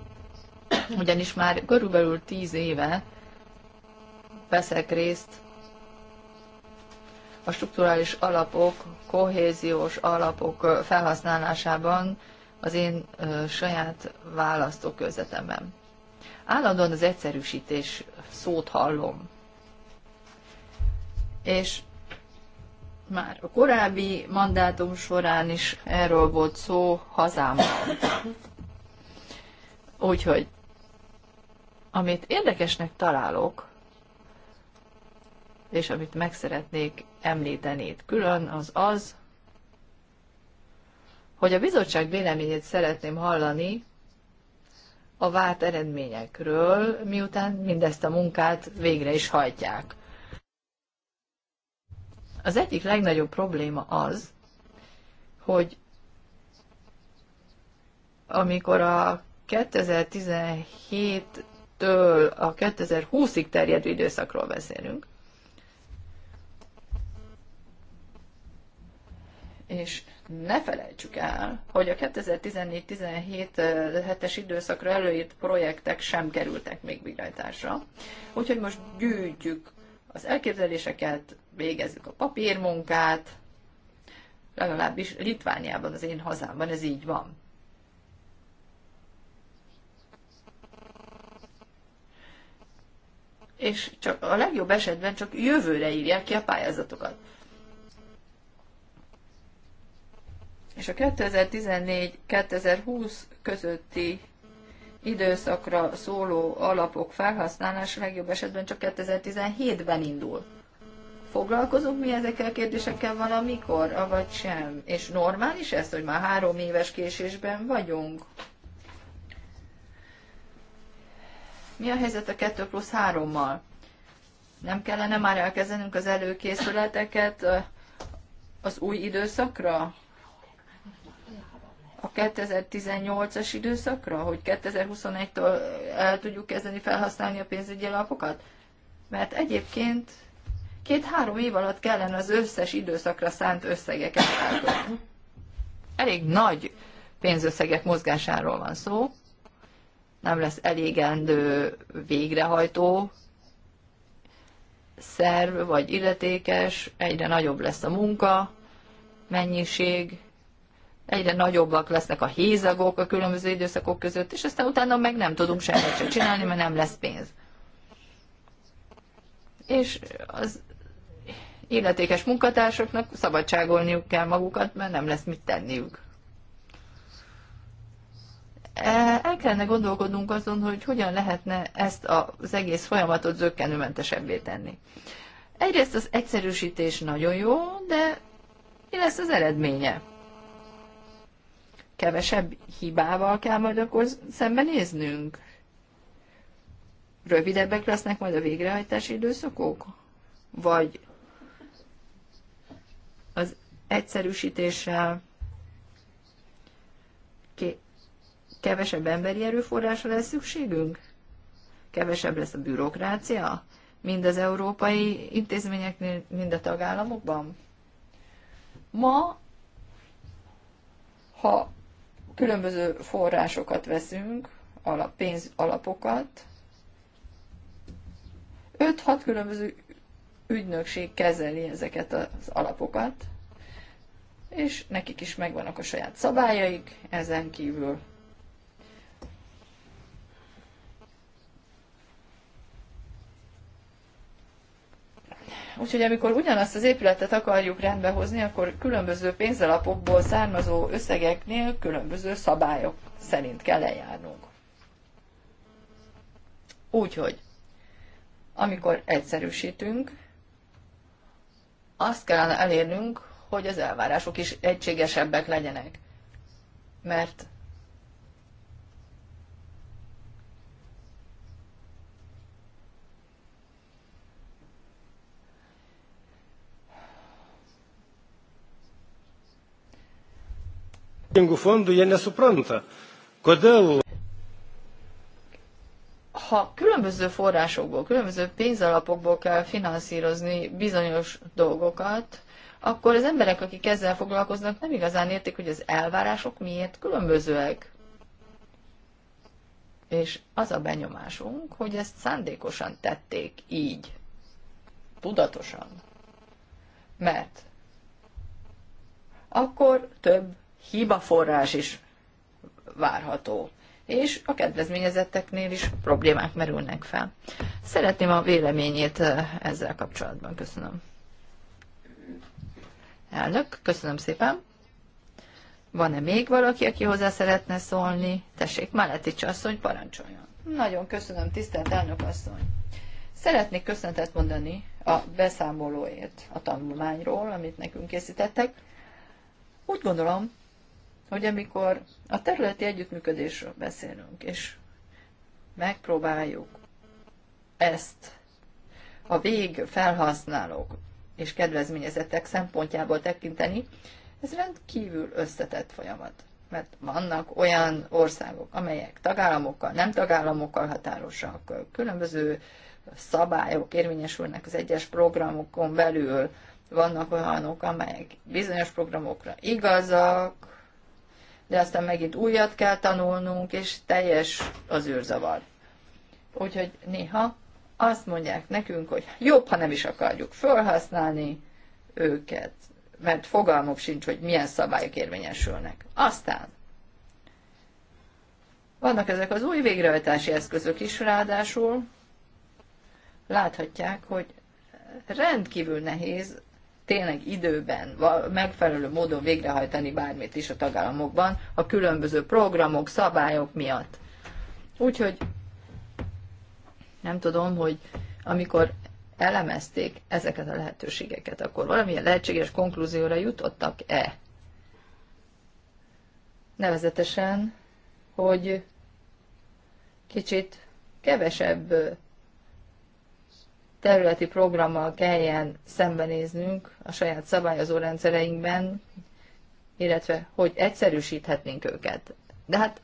Ugyanis már körülbelül tíz éve veszek részt a strukturális alapok, kohéziós alapok felhasználásában az én saját választókörzetemben. Állandóan az egyszerűsítés szót hallom. És már a korábbi mandátum során is erről volt szó hazámban. Úgyhogy, amit érdekesnek találok, és amit meg szeretnék említeni itt külön, az az, hogy a bizottság véleményét szeretném hallani a várt eredményekről, miután mindezt a munkát végre is hajtják. Az egyik legnagyobb probléma az, hogy amikor a 2017-től a 2020-ig terjedő időszakról beszélünk, és ne felejtsük el, hogy a 2014-17-es időszakra előírt projektek sem kerültek még végrehajtásra. Úgyhogy most gyűjtjük az elképzeléseket, végezzük a papírmunkát, legalábbis Litvániában, az én hazámban ez így van. És csak a legjobb esetben csak jövőre írják ki a pályázatokat. és a 2014-2020 közötti időszakra szóló alapok felhasználása legjobb esetben csak 2017-ben indul. Foglalkozunk mi ezekkel a kérdésekkel valamikor, avagy sem? És normális ez, hogy már három éves késésben vagyunk? Mi a helyzet a 2 plusz 3-mal? Nem kellene már elkezdenünk az előkészületeket az új időszakra? a 2018-as időszakra, hogy 2021-től el tudjuk kezdeni felhasználni a pénzügyi alapokat? Mert egyébként két-három év alatt kellene az összes időszakra szánt összegeket elkölteni. Elég nagy pénzösszegek mozgásáról van szó, nem lesz elégendő végrehajtó szerv vagy illetékes, egyre nagyobb lesz a munka, mennyiség, egyre nagyobbak lesznek a hézagok a különböző időszakok között, és aztán utána meg nem tudunk semmit sem csinálni, mert nem lesz pénz. És az illetékes munkatársoknak szabadságolniuk kell magukat, mert nem lesz mit tenniük. E, el kellene gondolkodnunk azon, hogy hogyan lehetne ezt az egész folyamatot zöggenőmentesebbé tenni. Egyrészt az egyszerűsítés nagyon jó, de mi lesz az eredménye? kevesebb hibával kell majd akkor szembenéznünk? Rövidebbek lesznek majd a végrehajtási időszakok? Vagy az egyszerűsítéssel kevesebb emberi erőforrásra lesz szükségünk? Kevesebb lesz a bürokrácia? Mind az európai intézményeknél, mind a tagállamokban? Ma, ha különböző forrásokat veszünk, alap, alapokat. 5-6 különböző ügynökség kezeli ezeket az alapokat, és nekik is megvannak a saját szabályaik, ezen kívül Úgyhogy amikor ugyanazt az épületet akarjuk rendbehozni, akkor különböző pénzalapokból származó összegeknél különböző szabályok szerint kell eljárnunk. Úgyhogy, amikor egyszerűsítünk, azt kellene elérnünk, hogy az elvárások is egységesebbek legyenek. Mert fondų jie nesupranta. Kodėl? Ha különböző forrásokból, különböző pénzalapokból kell finanszírozni bizonyos dolgokat, akkor az emberek, akik ezzel foglalkoznak, nem igazán értik, hogy az elvárások miért különbözőek. És az a benyomásunk, hogy ezt szándékosan tették így, tudatosan. Mert akkor több hibaforrás is várható, és a kedvezményezetteknél is problémák merülnek fel. Szeretném a véleményét eh, ezzel kapcsolatban. Köszönöm. Elnök, köszönöm szépen. Van-e még valaki, aki hozzá szeretne szólni? Tessék, Maletics asszony, parancsoljon. Nagyon köszönöm, tisztelt elnök asszony. Szeretnék köszönetet mondani a beszámolóért a tanulmányról, amit nekünk készítettek. Úgy gondolom, hogy amikor a területi együttműködésről beszélünk, és megpróbáljuk ezt a vég felhasználók és kedvezményezettek szempontjából tekinteni, ez rendkívül összetett folyamat. Mert vannak olyan országok, amelyek tagállamokkal, nem tagállamokkal határosak, különböző szabályok érvényesülnek az egyes programokon belül, vannak olyanok, amelyek bizonyos programokra igazak, de aztán megint újat kell tanulnunk, és teljes az űrzavar. Úgyhogy néha azt mondják nekünk, hogy jobb, ha nem is akarjuk felhasználni őket, mert fogalmuk sincs, hogy milyen szabályok érvényesülnek. Aztán vannak ezek az új végrehajtási eszközök is ráadásul. Láthatják, hogy rendkívül nehéz tényleg időben, megfelelő módon végrehajtani bármit is a tagállamokban a különböző programok, szabályok miatt. Úgyhogy nem tudom, hogy amikor elemezték ezeket a lehetőségeket, akkor valamilyen lehetséges konklúzióra jutottak-e? Nevezetesen, hogy kicsit kevesebb területi programmal kelljen szembenéznünk a saját szabályozó rendszereinkben, illetve hogy egyszerűsíthetnénk őket. De hát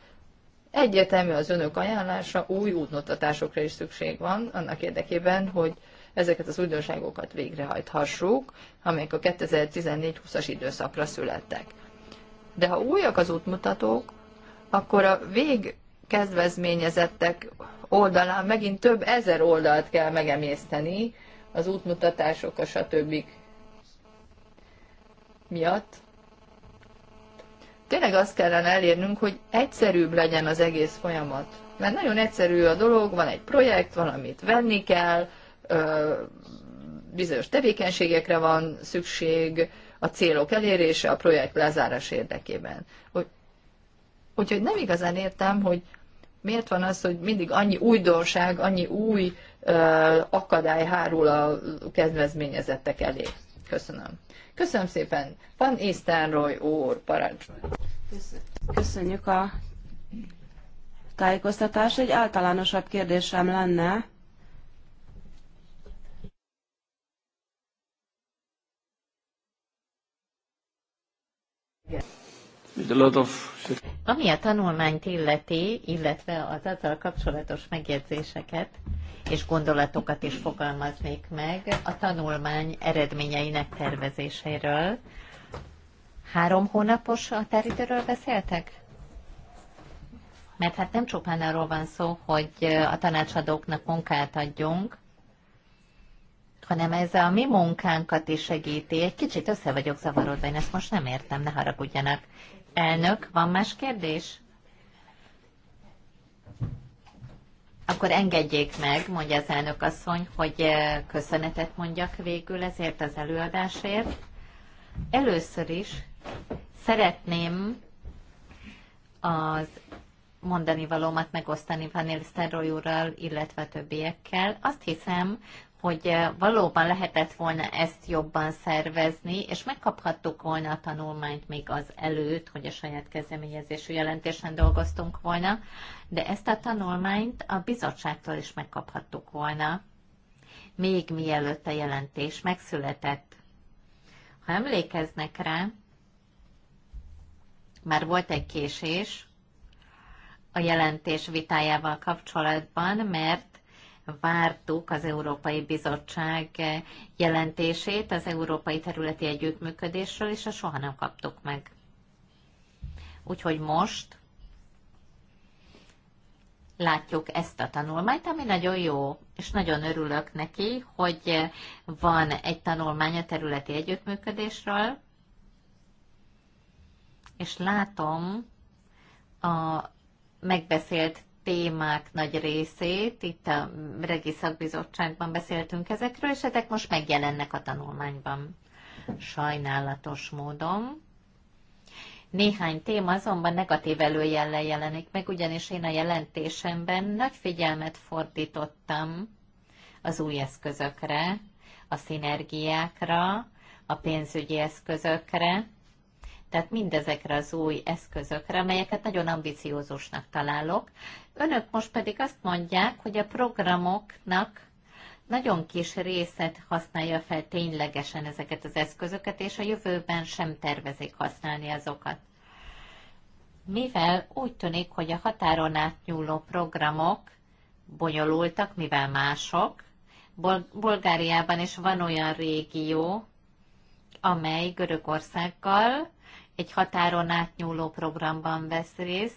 egyértelmű az önök ajánlása, új útnotatásokra is szükség van annak érdekében, hogy ezeket az újdonságokat végrehajthassuk, amelyek a 2014-20-as időszakra születtek. De ha újak az útmutatók, akkor a vég kedvezményezettek oldalán megint több ezer oldalt kell megemészteni az útmutatások, a stb. miatt. Tényleg azt kellene elérnünk, hogy egyszerűbb legyen az egész folyamat. Mert nagyon egyszerű a dolog, van egy projekt, valamit venni kell, bizonyos tevékenységekre van szükség, a célok elérése, a projekt lezárás érdekében. Úgyhogy nem igazán értem, hogy miért van az, hogy mindig annyi újdonság, annyi új akadály hárul a kedvezményezettek elé? Köszönöm. Köszönöm szépen. Van Roy úr, parancsolj. Köszönjük a tájékoztatást. Egy általánosabb kérdésem lenne. Yes. Ami a tanulmányt illeti, illetve az azzal kapcsolatos megjegyzéseket és gondolatokat is fogalmaznék meg a tanulmány eredményeinek tervezéséről. Három hónapos határidőről beszéltek? Mert hát nem csupán arról van szó, hogy a tanácsadóknak munkát adjunk, hanem ez a mi munkánkat is segíti. Egy kicsit össze vagyok zavarodva, én ezt most nem értem, ne haragudjanak. Elnök, van más kérdés? Akkor engedjék meg, mondja az elnök asszony, hogy eh, köszönetet mondjak végül ezért az előadásért. Először is szeretném az mondani valómat megosztani Van Nistelrooy úrral, illetve a többiekkel. Azt hiszem, hogy eh, valóban lehetett volna ezt jobban szervezni, és megkaphattuk volna a tanulmányt még az előtt, hogy a saját kezdeményezésű jelentésen dolgoztunk volna, de ezt a tanulmányt a bizottságtól is megkaphattuk volna, még mielőtt a jelentés megszületett. Ha emlékeznek rá, már volt egy késés a jelentés vitájával kapcsolatban, mert vártuk az Európai Bizottság jelentését az Európai Területi Együttműködésről, és a soha nem kaptuk meg. Úgyhogy most látjuk ezt a tanulmányt, ami nagyon jó, és nagyon örülök neki, hogy van egy tanulmány a területi együttműködésről, és látom a megbeszélt témák nagy részét, itt a Regi Szakbizottságban beszéltünk ezekről, és ezek most megjelennek a tanulmányban sajnálatos módon. Néhány téma azonban negatív előjellel jelenik meg, ugyanis én a jelentésemben nagy figyelmet fordítottam az új eszközökre, a szinergiákra, a pénzügyi eszközökre, tehát mindezekre az új eszközökre, amelyeket nagyon ambiciózusnak találok, Önök most pedig azt mondják, hogy a programoknak nagyon kis részet használja fel ténylegesen ezeket az eszközöket, és a jövőben sem tervezik használni azokat. Mivel úgy tűnik, hogy a határon átnyúló programok bonyolultak, mivel mások, Bol- Bulgáriában is van olyan régió, amely Görögországgal egy határon átnyúló programban vesz részt,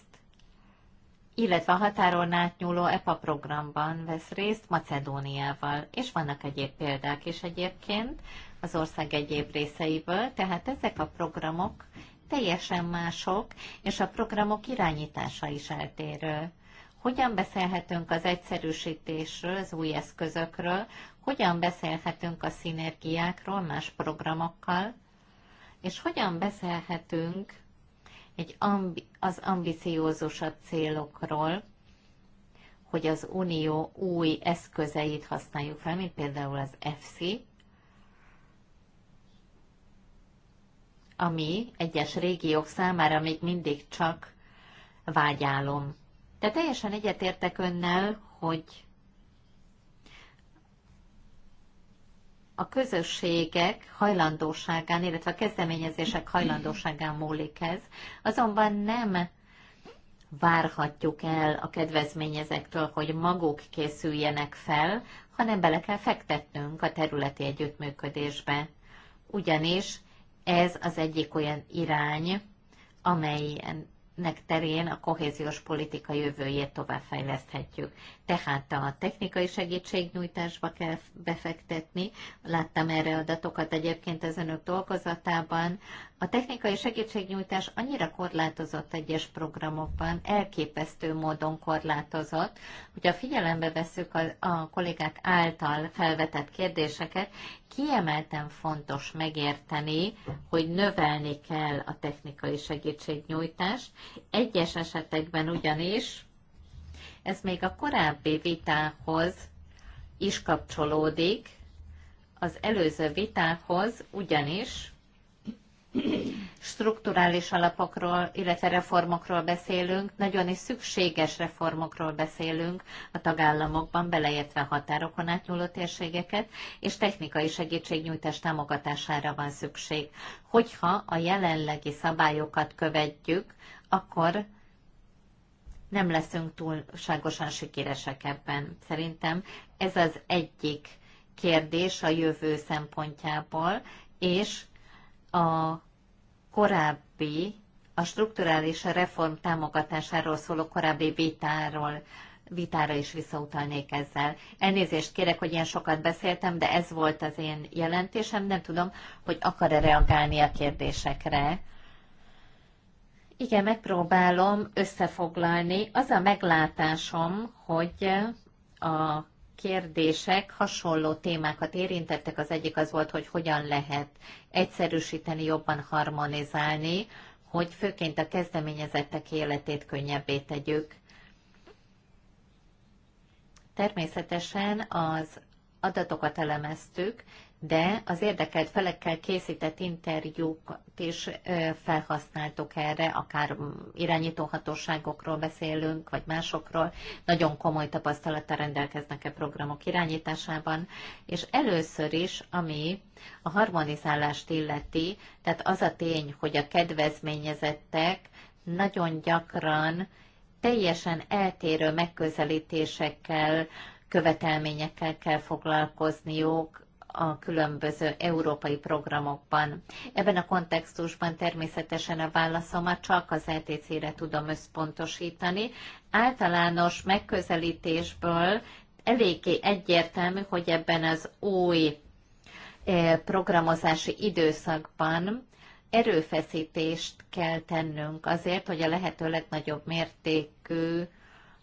illetve a határon átnyúló EPA programban vesz részt Macedóniával, és vannak egyéb példák is egyébként az ország egyéb részeiből, tehát ezek a programok teljesen mások, és a programok irányítása is eltérő. Hogyan beszélhetünk az egyszerűsítésről, az új eszközökről, hogyan beszélhetünk a szinergiákról más programokkal, és hogyan beszélhetünk egy ambi- az ambiciózusabb célokról, hogy az Unió új eszközeit használjuk fel, mint például az FC, ami egyes régiók számára még mindig csak vágyálom. De teljesen egyetértek önnel, hogy a közösségek hajlandóságán, illetve a kezdeményezések hajlandóságán múlik ez, azonban nem várhatjuk el a kedvezményezektől, hogy maguk készüljenek fel, hanem bele kell fektetnünk a területi együttműködésbe. Ugyanis ez az egyik olyan irány, amelyen nek terén a kohéziós politika jövőjét továbbfejleszthetjük. Tehát a technikai segítségnyújtásba kell befektetni. Láttam erre adatokat egyébként az önök dolgozatában. A technikai segítségnyújtás annyira korlátozott egyes programokban, elképesztő módon korlátozott, a figyelembe veszük a, a kollégák által felvetett kérdéseket, kiemelten fontos megérteni, hogy növelni kell a technikai segítségnyújtást. Egyes esetekben ugyanis ez még a korábbi vitához is kapcsolódik, az előző vitához ugyanis strukturális alapokról, illetve reformokról beszélünk, nagyon is szükséges reformokról beszélünk a tagállamokban, beleértve a határokon átnyúló térségeket, és technikai segítségnyújtás támogatására van szükség. Hogyha a jelenlegi szabályokat követjük, akkor nem leszünk túlságosan sikeresek ebben. Szerintem ez az egyik kérdés a jövő szempontjából, és a korábbi, a strukturális reform támogatásáról szóló korábbi vitáról vitára is visszautalnék ezzel. Elnézést kérek, hogy ilyen sokat beszéltem, de ez volt az én jelentésem. Nem tudom, hogy akar-e reagálni a kérdésekre. Igen, megpróbálom összefoglalni. Az a meglátásom, hogy a kérdések hasonló témákat érintettek. Az egyik az volt, hogy hogyan lehet egyszerűsíteni, jobban harmonizálni, hogy főként a kezdeményezettek életét könnyebbé tegyük. Természetesen az adatokat elemeztük, de az érdekelt felekkel készített interjúkat is felhasználtuk erre, akár mm, irányítóhatóságokról beszélünk, vagy másokról. Nagyon komoly tapasztalattal rendelkeznek-e programok irányításában, és először is, ami a harmonizálást illeti, tehát az a tény, hogy a kedvezményezettek nagyon gyakran teljesen eltérő megközelítésekkel, követelményekkel kell foglalkozniuk, a különböző európai programokban. Ebben a kontextusban természetesen a válaszomat csak az ETC-re tudom összpontosítani. Általános megközelítésből eléggé egyértelmű, hogy ebben az új eh, programozási időszakban erőfeszítést kell tennünk azért, hogy a lehető legnagyobb mértékű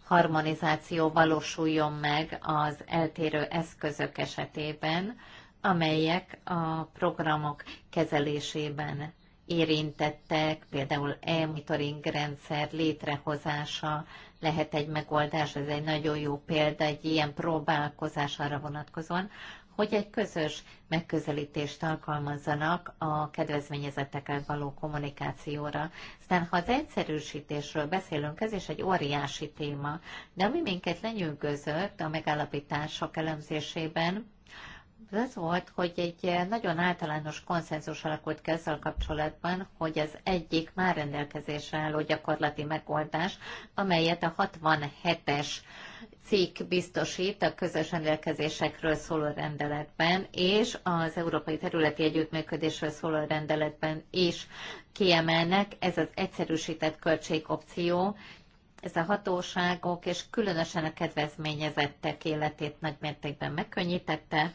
harmonizáció valósuljon meg az eltérő eszközök esetében, amelyek a programok kezelésében érintettek, például e-monitoring rendszer létrehozása lehet egy megoldás, ez egy nagyon jó példa egy ilyen próbálkozás arra vonatkozóan, hogy egy közös megközelítést alkalmazzanak a kedvezményezettekkel való kommunikációra. Aztán, ha az egyszerűsítésről beszélünk, ez is egy óriási téma, de ami minket lenyűgözött a megállapítások elemzésében, ez az volt, hogy egy eh, nagyon általános konszenzus alakult ki ezzel kapcsolatban, hogy az egyik már rendelkezésre álló gyakorlati megoldás, amelyet a 67-es cikk biztosít a közös rendelkezésekről szóló rendeletben, és az Európai Területi Együttműködésről szóló rendeletben is kiemelnek, ez az egyszerűsített költségopció, ez a hatóságok és különösen a kedvezményezettek életét nagymértékben megkönnyítette,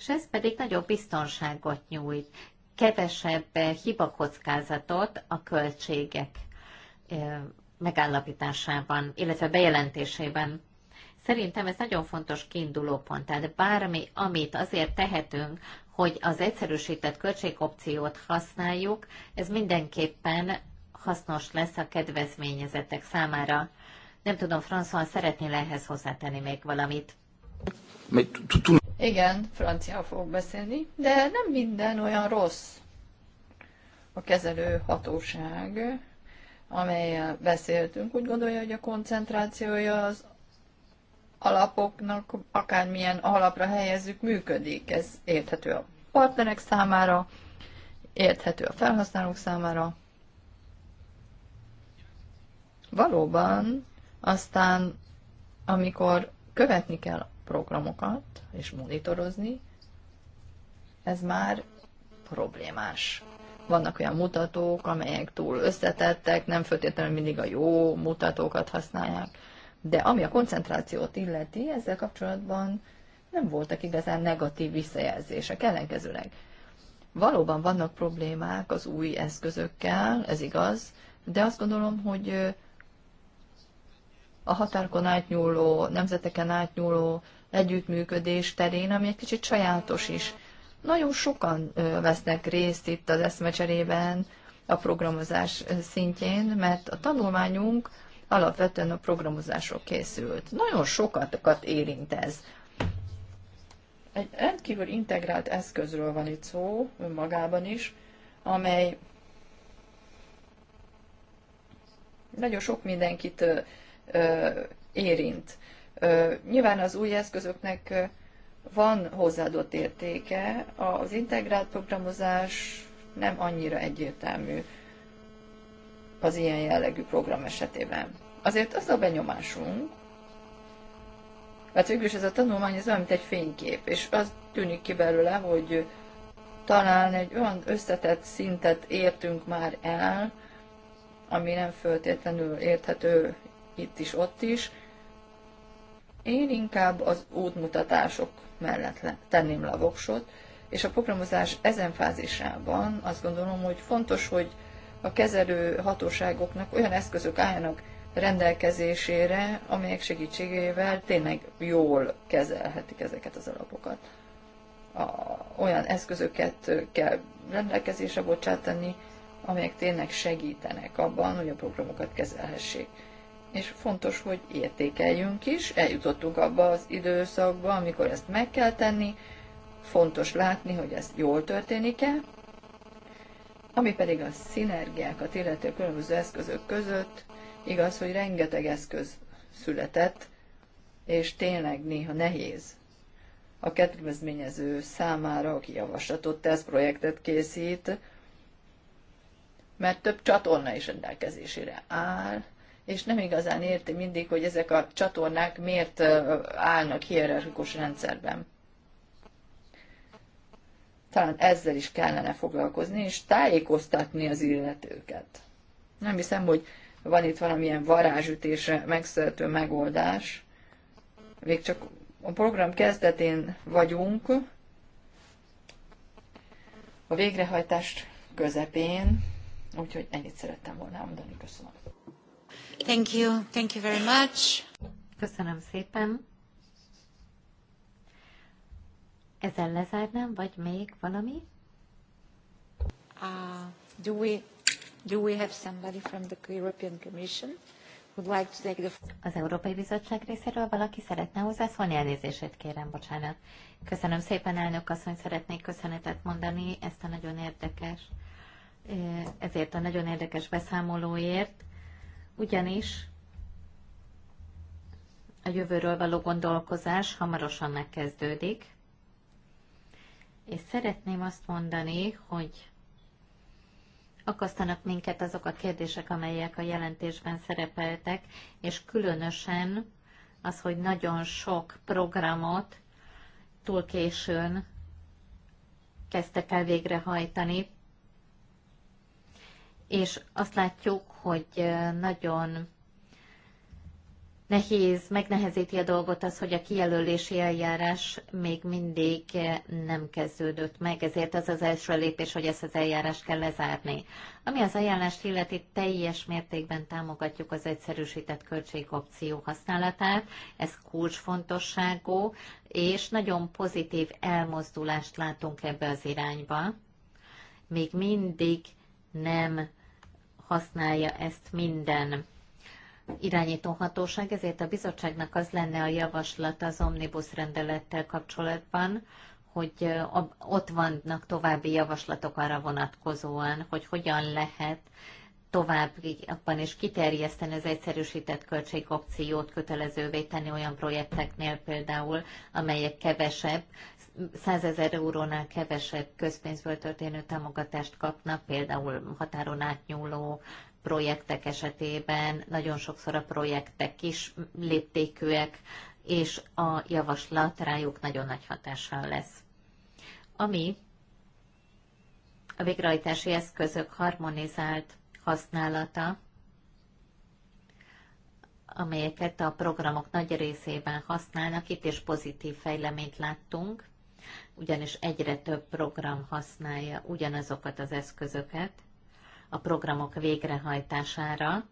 és ez pedig nagyobb biztonságot nyújt, kevesebb hibakockázatot a költségek megállapításában, illetve bejelentésében. Szerintem ez nagyon fontos kiinduló pont, tehát bármi, amit azért tehetünk, hogy az egyszerűsített költségopciót használjuk, ez mindenképpen hasznos lesz a kedvezményezetek számára. Nem tudom, François, szeretnél ehhez hozzátenni még valamit? Igen, Francia fogok beszélni, de nem minden olyan rossz. A kezelő hatóság, amelyel beszéltünk, úgy gondolja, hogy a koncentrációja az alapoknak, akármilyen alapra helyezzük, működik. Ez érthető a partnerek számára, érthető a felhasználók számára. Valóban, aztán amikor követni kell programokat, és monitorozni, ez már problémás. Vannak olyan mutatók, amelyek túl összetettek, nem feltétlenül mindig a jó mutatókat használják, de ami a koncentrációt illeti, ezzel kapcsolatban nem voltak igazán negatív visszajelzések, ellenkezőleg. Valóban vannak problémák az új eszközökkel, ez igaz, de azt gondolom, hogy a határkon átnyúló, nemzeteken átnyúló együttműködés terén, ami egy kicsit sajátos is. Nagyon sokan vesznek részt itt az eszmecserében a programozás szintjén, mert a tanulmányunk alapvetően a programozásról készült. Nagyon sokatokat érint ez. Egy rendkívül integrált eszközről van itt szó, önmagában is, amely nagyon sok mindenkit érint. Nyilván az új eszközöknek van hozzáadott értéke, az integrált programozás nem annyira egyértelmű az ilyen jellegű program esetében. Azért az a benyomásunk, mert hát is ez a tanulmány az olyan, mint egy fénykép, és az tűnik ki belőle, hogy talán egy olyan összetett szintet értünk már el, ami nem föltétlenül érthető itt is, ott is, én inkább az útmutatások mellett tenném le a voksot, és a programozás ezen fázisában azt gondolom, hogy fontos, hogy a kezelő hatóságoknak olyan eszközök álljanak rendelkezésére, amelyek segítségével tényleg jól kezelhetik ezeket az alapokat. A, olyan eszközöket kell rendelkezésre bocsátani, amelyek tényleg segítenek abban, hogy a programokat kezelhessék és fontos, hogy értékeljünk is. Eljutottunk abba az időszakba, amikor ezt meg kell tenni, fontos látni, hogy ez jól történik-e, ami pedig a szinergiákat illeti a különböző eszközök között, igaz, hogy rengeteg eszköz született, és tényleg néha nehéz a kedvezményező számára, aki javaslatot tesz, projektet készít, mert több csatorna is rendelkezésére áll, és nem igazán érti mindig, hogy ezek a csatornák miért állnak hierarchikus rendszerben. Talán ezzel is kellene foglalkozni, és tájékoztatni az illetőket. Nem hiszem, hogy van itt valamilyen varázsütésre megszerető megoldás. Még csak a program kezdetén vagyunk, a végrehajtást közepén, úgyhogy ennyit szerettem volna mondani. Köszönöm. Thank you. Thank you very much. Köszönöm szépen. Ezzel lezárnám, vagy még valami? Uh, do we do we have somebody from the European Commission would like to take the Az Európai Bizottság részéről valaki szeretne hozzászólni, elnézését kérem, bocsánat. Köszönöm szépen, elnök asszony, szeretnék köszönetet mondani ezt a nagyon érdekes eh, ezért a nagyon érdekes beszámolóért ugyanis a jövőről való gondolkozás hamarosan megkezdődik, és szeretném azt mondani, hogy akasztanak minket azok a kérdések, amelyek a jelentésben szerepeltek, és különösen az, hogy nagyon sok programot túl későn kezdtek el végrehajtani, és azt látjuk, hogy nagyon nehéz, megnehezíti a dolgot az, hogy a kijelölési eljárás még mindig nem kezdődött meg, ezért az az első lépés, hogy ezt az eljárást kell lezárni. Ami az ajánlást illeti, teljes mértékben támogatjuk az egyszerűsített költségopció használatát, ez kulcsfontosságú, és nagyon pozitív elmozdulást látunk ebbe az irányba. Még mindig nem használja ezt minden irányító hatóság, ezért a bizottságnak az lenne a javaslat az omnibus rendelettel kapcsolatban, hogy ott vannak további javaslatok arra vonatkozóan, hogy hogyan lehet továbbiakban is kiterjeszteni az egyszerűsített költségopciót kötelezővé tenni olyan projekteknél például, amelyek kevesebb százezer eurónál kevesebb közpénzből történő támogatást kapnak, például határon átnyúló projektek esetében nagyon sokszor a projektek is léptékűek, és a javaslat rájuk nagyon nagy hatással lesz. Ami a végrehajtási eszközök harmonizált használata, amelyeket a programok nagy részében használnak, itt is pozitív fejleményt láttunk ugyanis egyre több program használja ugyanazokat az eszközöket a programok végrehajtására,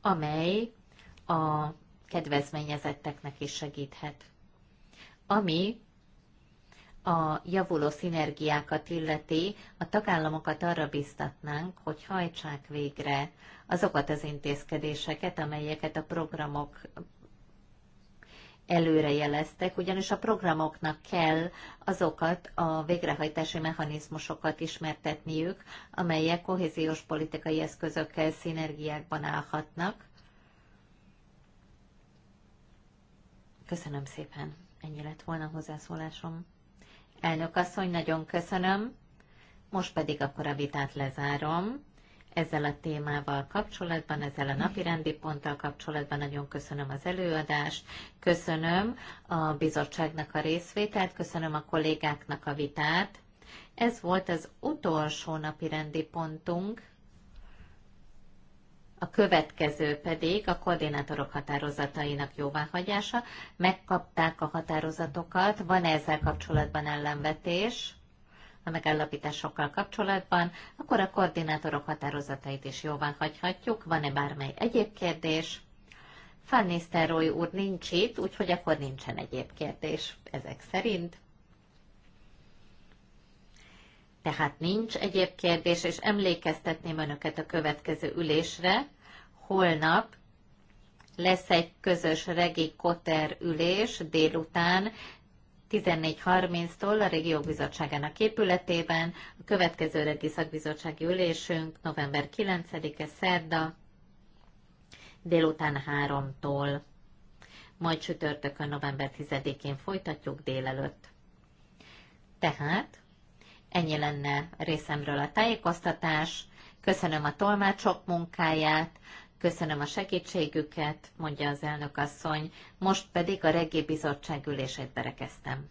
amely a kedvezményezetteknek is segíthet. Ami a javuló szinergiákat illeti, a tagállamokat arra biztatnánk, hogy hajtsák végre azokat az intézkedéseket, amelyeket a programok előre jeleztek, ugyanis a programoknak kell azokat a végrehajtási mechanizmusokat ismertetniük, amelyek kohéziós politikai eszközökkel szinergiákban állhatnak. Köszönöm szépen. Ennyi lett volna a hozzászólásom. Elnök asszony, nagyon köszönöm. Most pedig akkor a vitát lezárom ezzel a témával kapcsolatban, ezzel a napi rendi ponttal kapcsolatban nagyon köszönöm az előadást, köszönöm a bizottságnak a részvételt, köszönöm a kollégáknak a vitát. Ez volt az utolsó napi rendi pontunk, a következő pedig a koordinátorok határozatainak jóváhagyása. Megkapták a határozatokat, van -e ezzel kapcsolatban ellenvetés? a megállapításokkal kapcsolatban, akkor a koordinátorok határozatait is jóvá hagyhatjuk. Van-e bármely egyéb kérdés? Fannisztároly úr nincs itt, úgyhogy akkor nincsen egyéb kérdés ezek szerint. Tehát nincs egyéb kérdés, és emlékeztetném önöket a következő ülésre. Holnap lesz egy közös regi koter ülés délután 14.30-tól a Régiók Bizottságának épületében. A következő reggi szakbizottsági ülésünk november 9-e szerda délután 3-tól. Majd csütörtökön november 10-én folytatjuk délelőtt. Tehát ennyi lenne részemről a tájékoztatás. Köszönöm a tolmácsok munkáját, Köszönöm a segítségüket, mondja az elnök asszony, most pedig a reggé bizottság ülését berekeztem.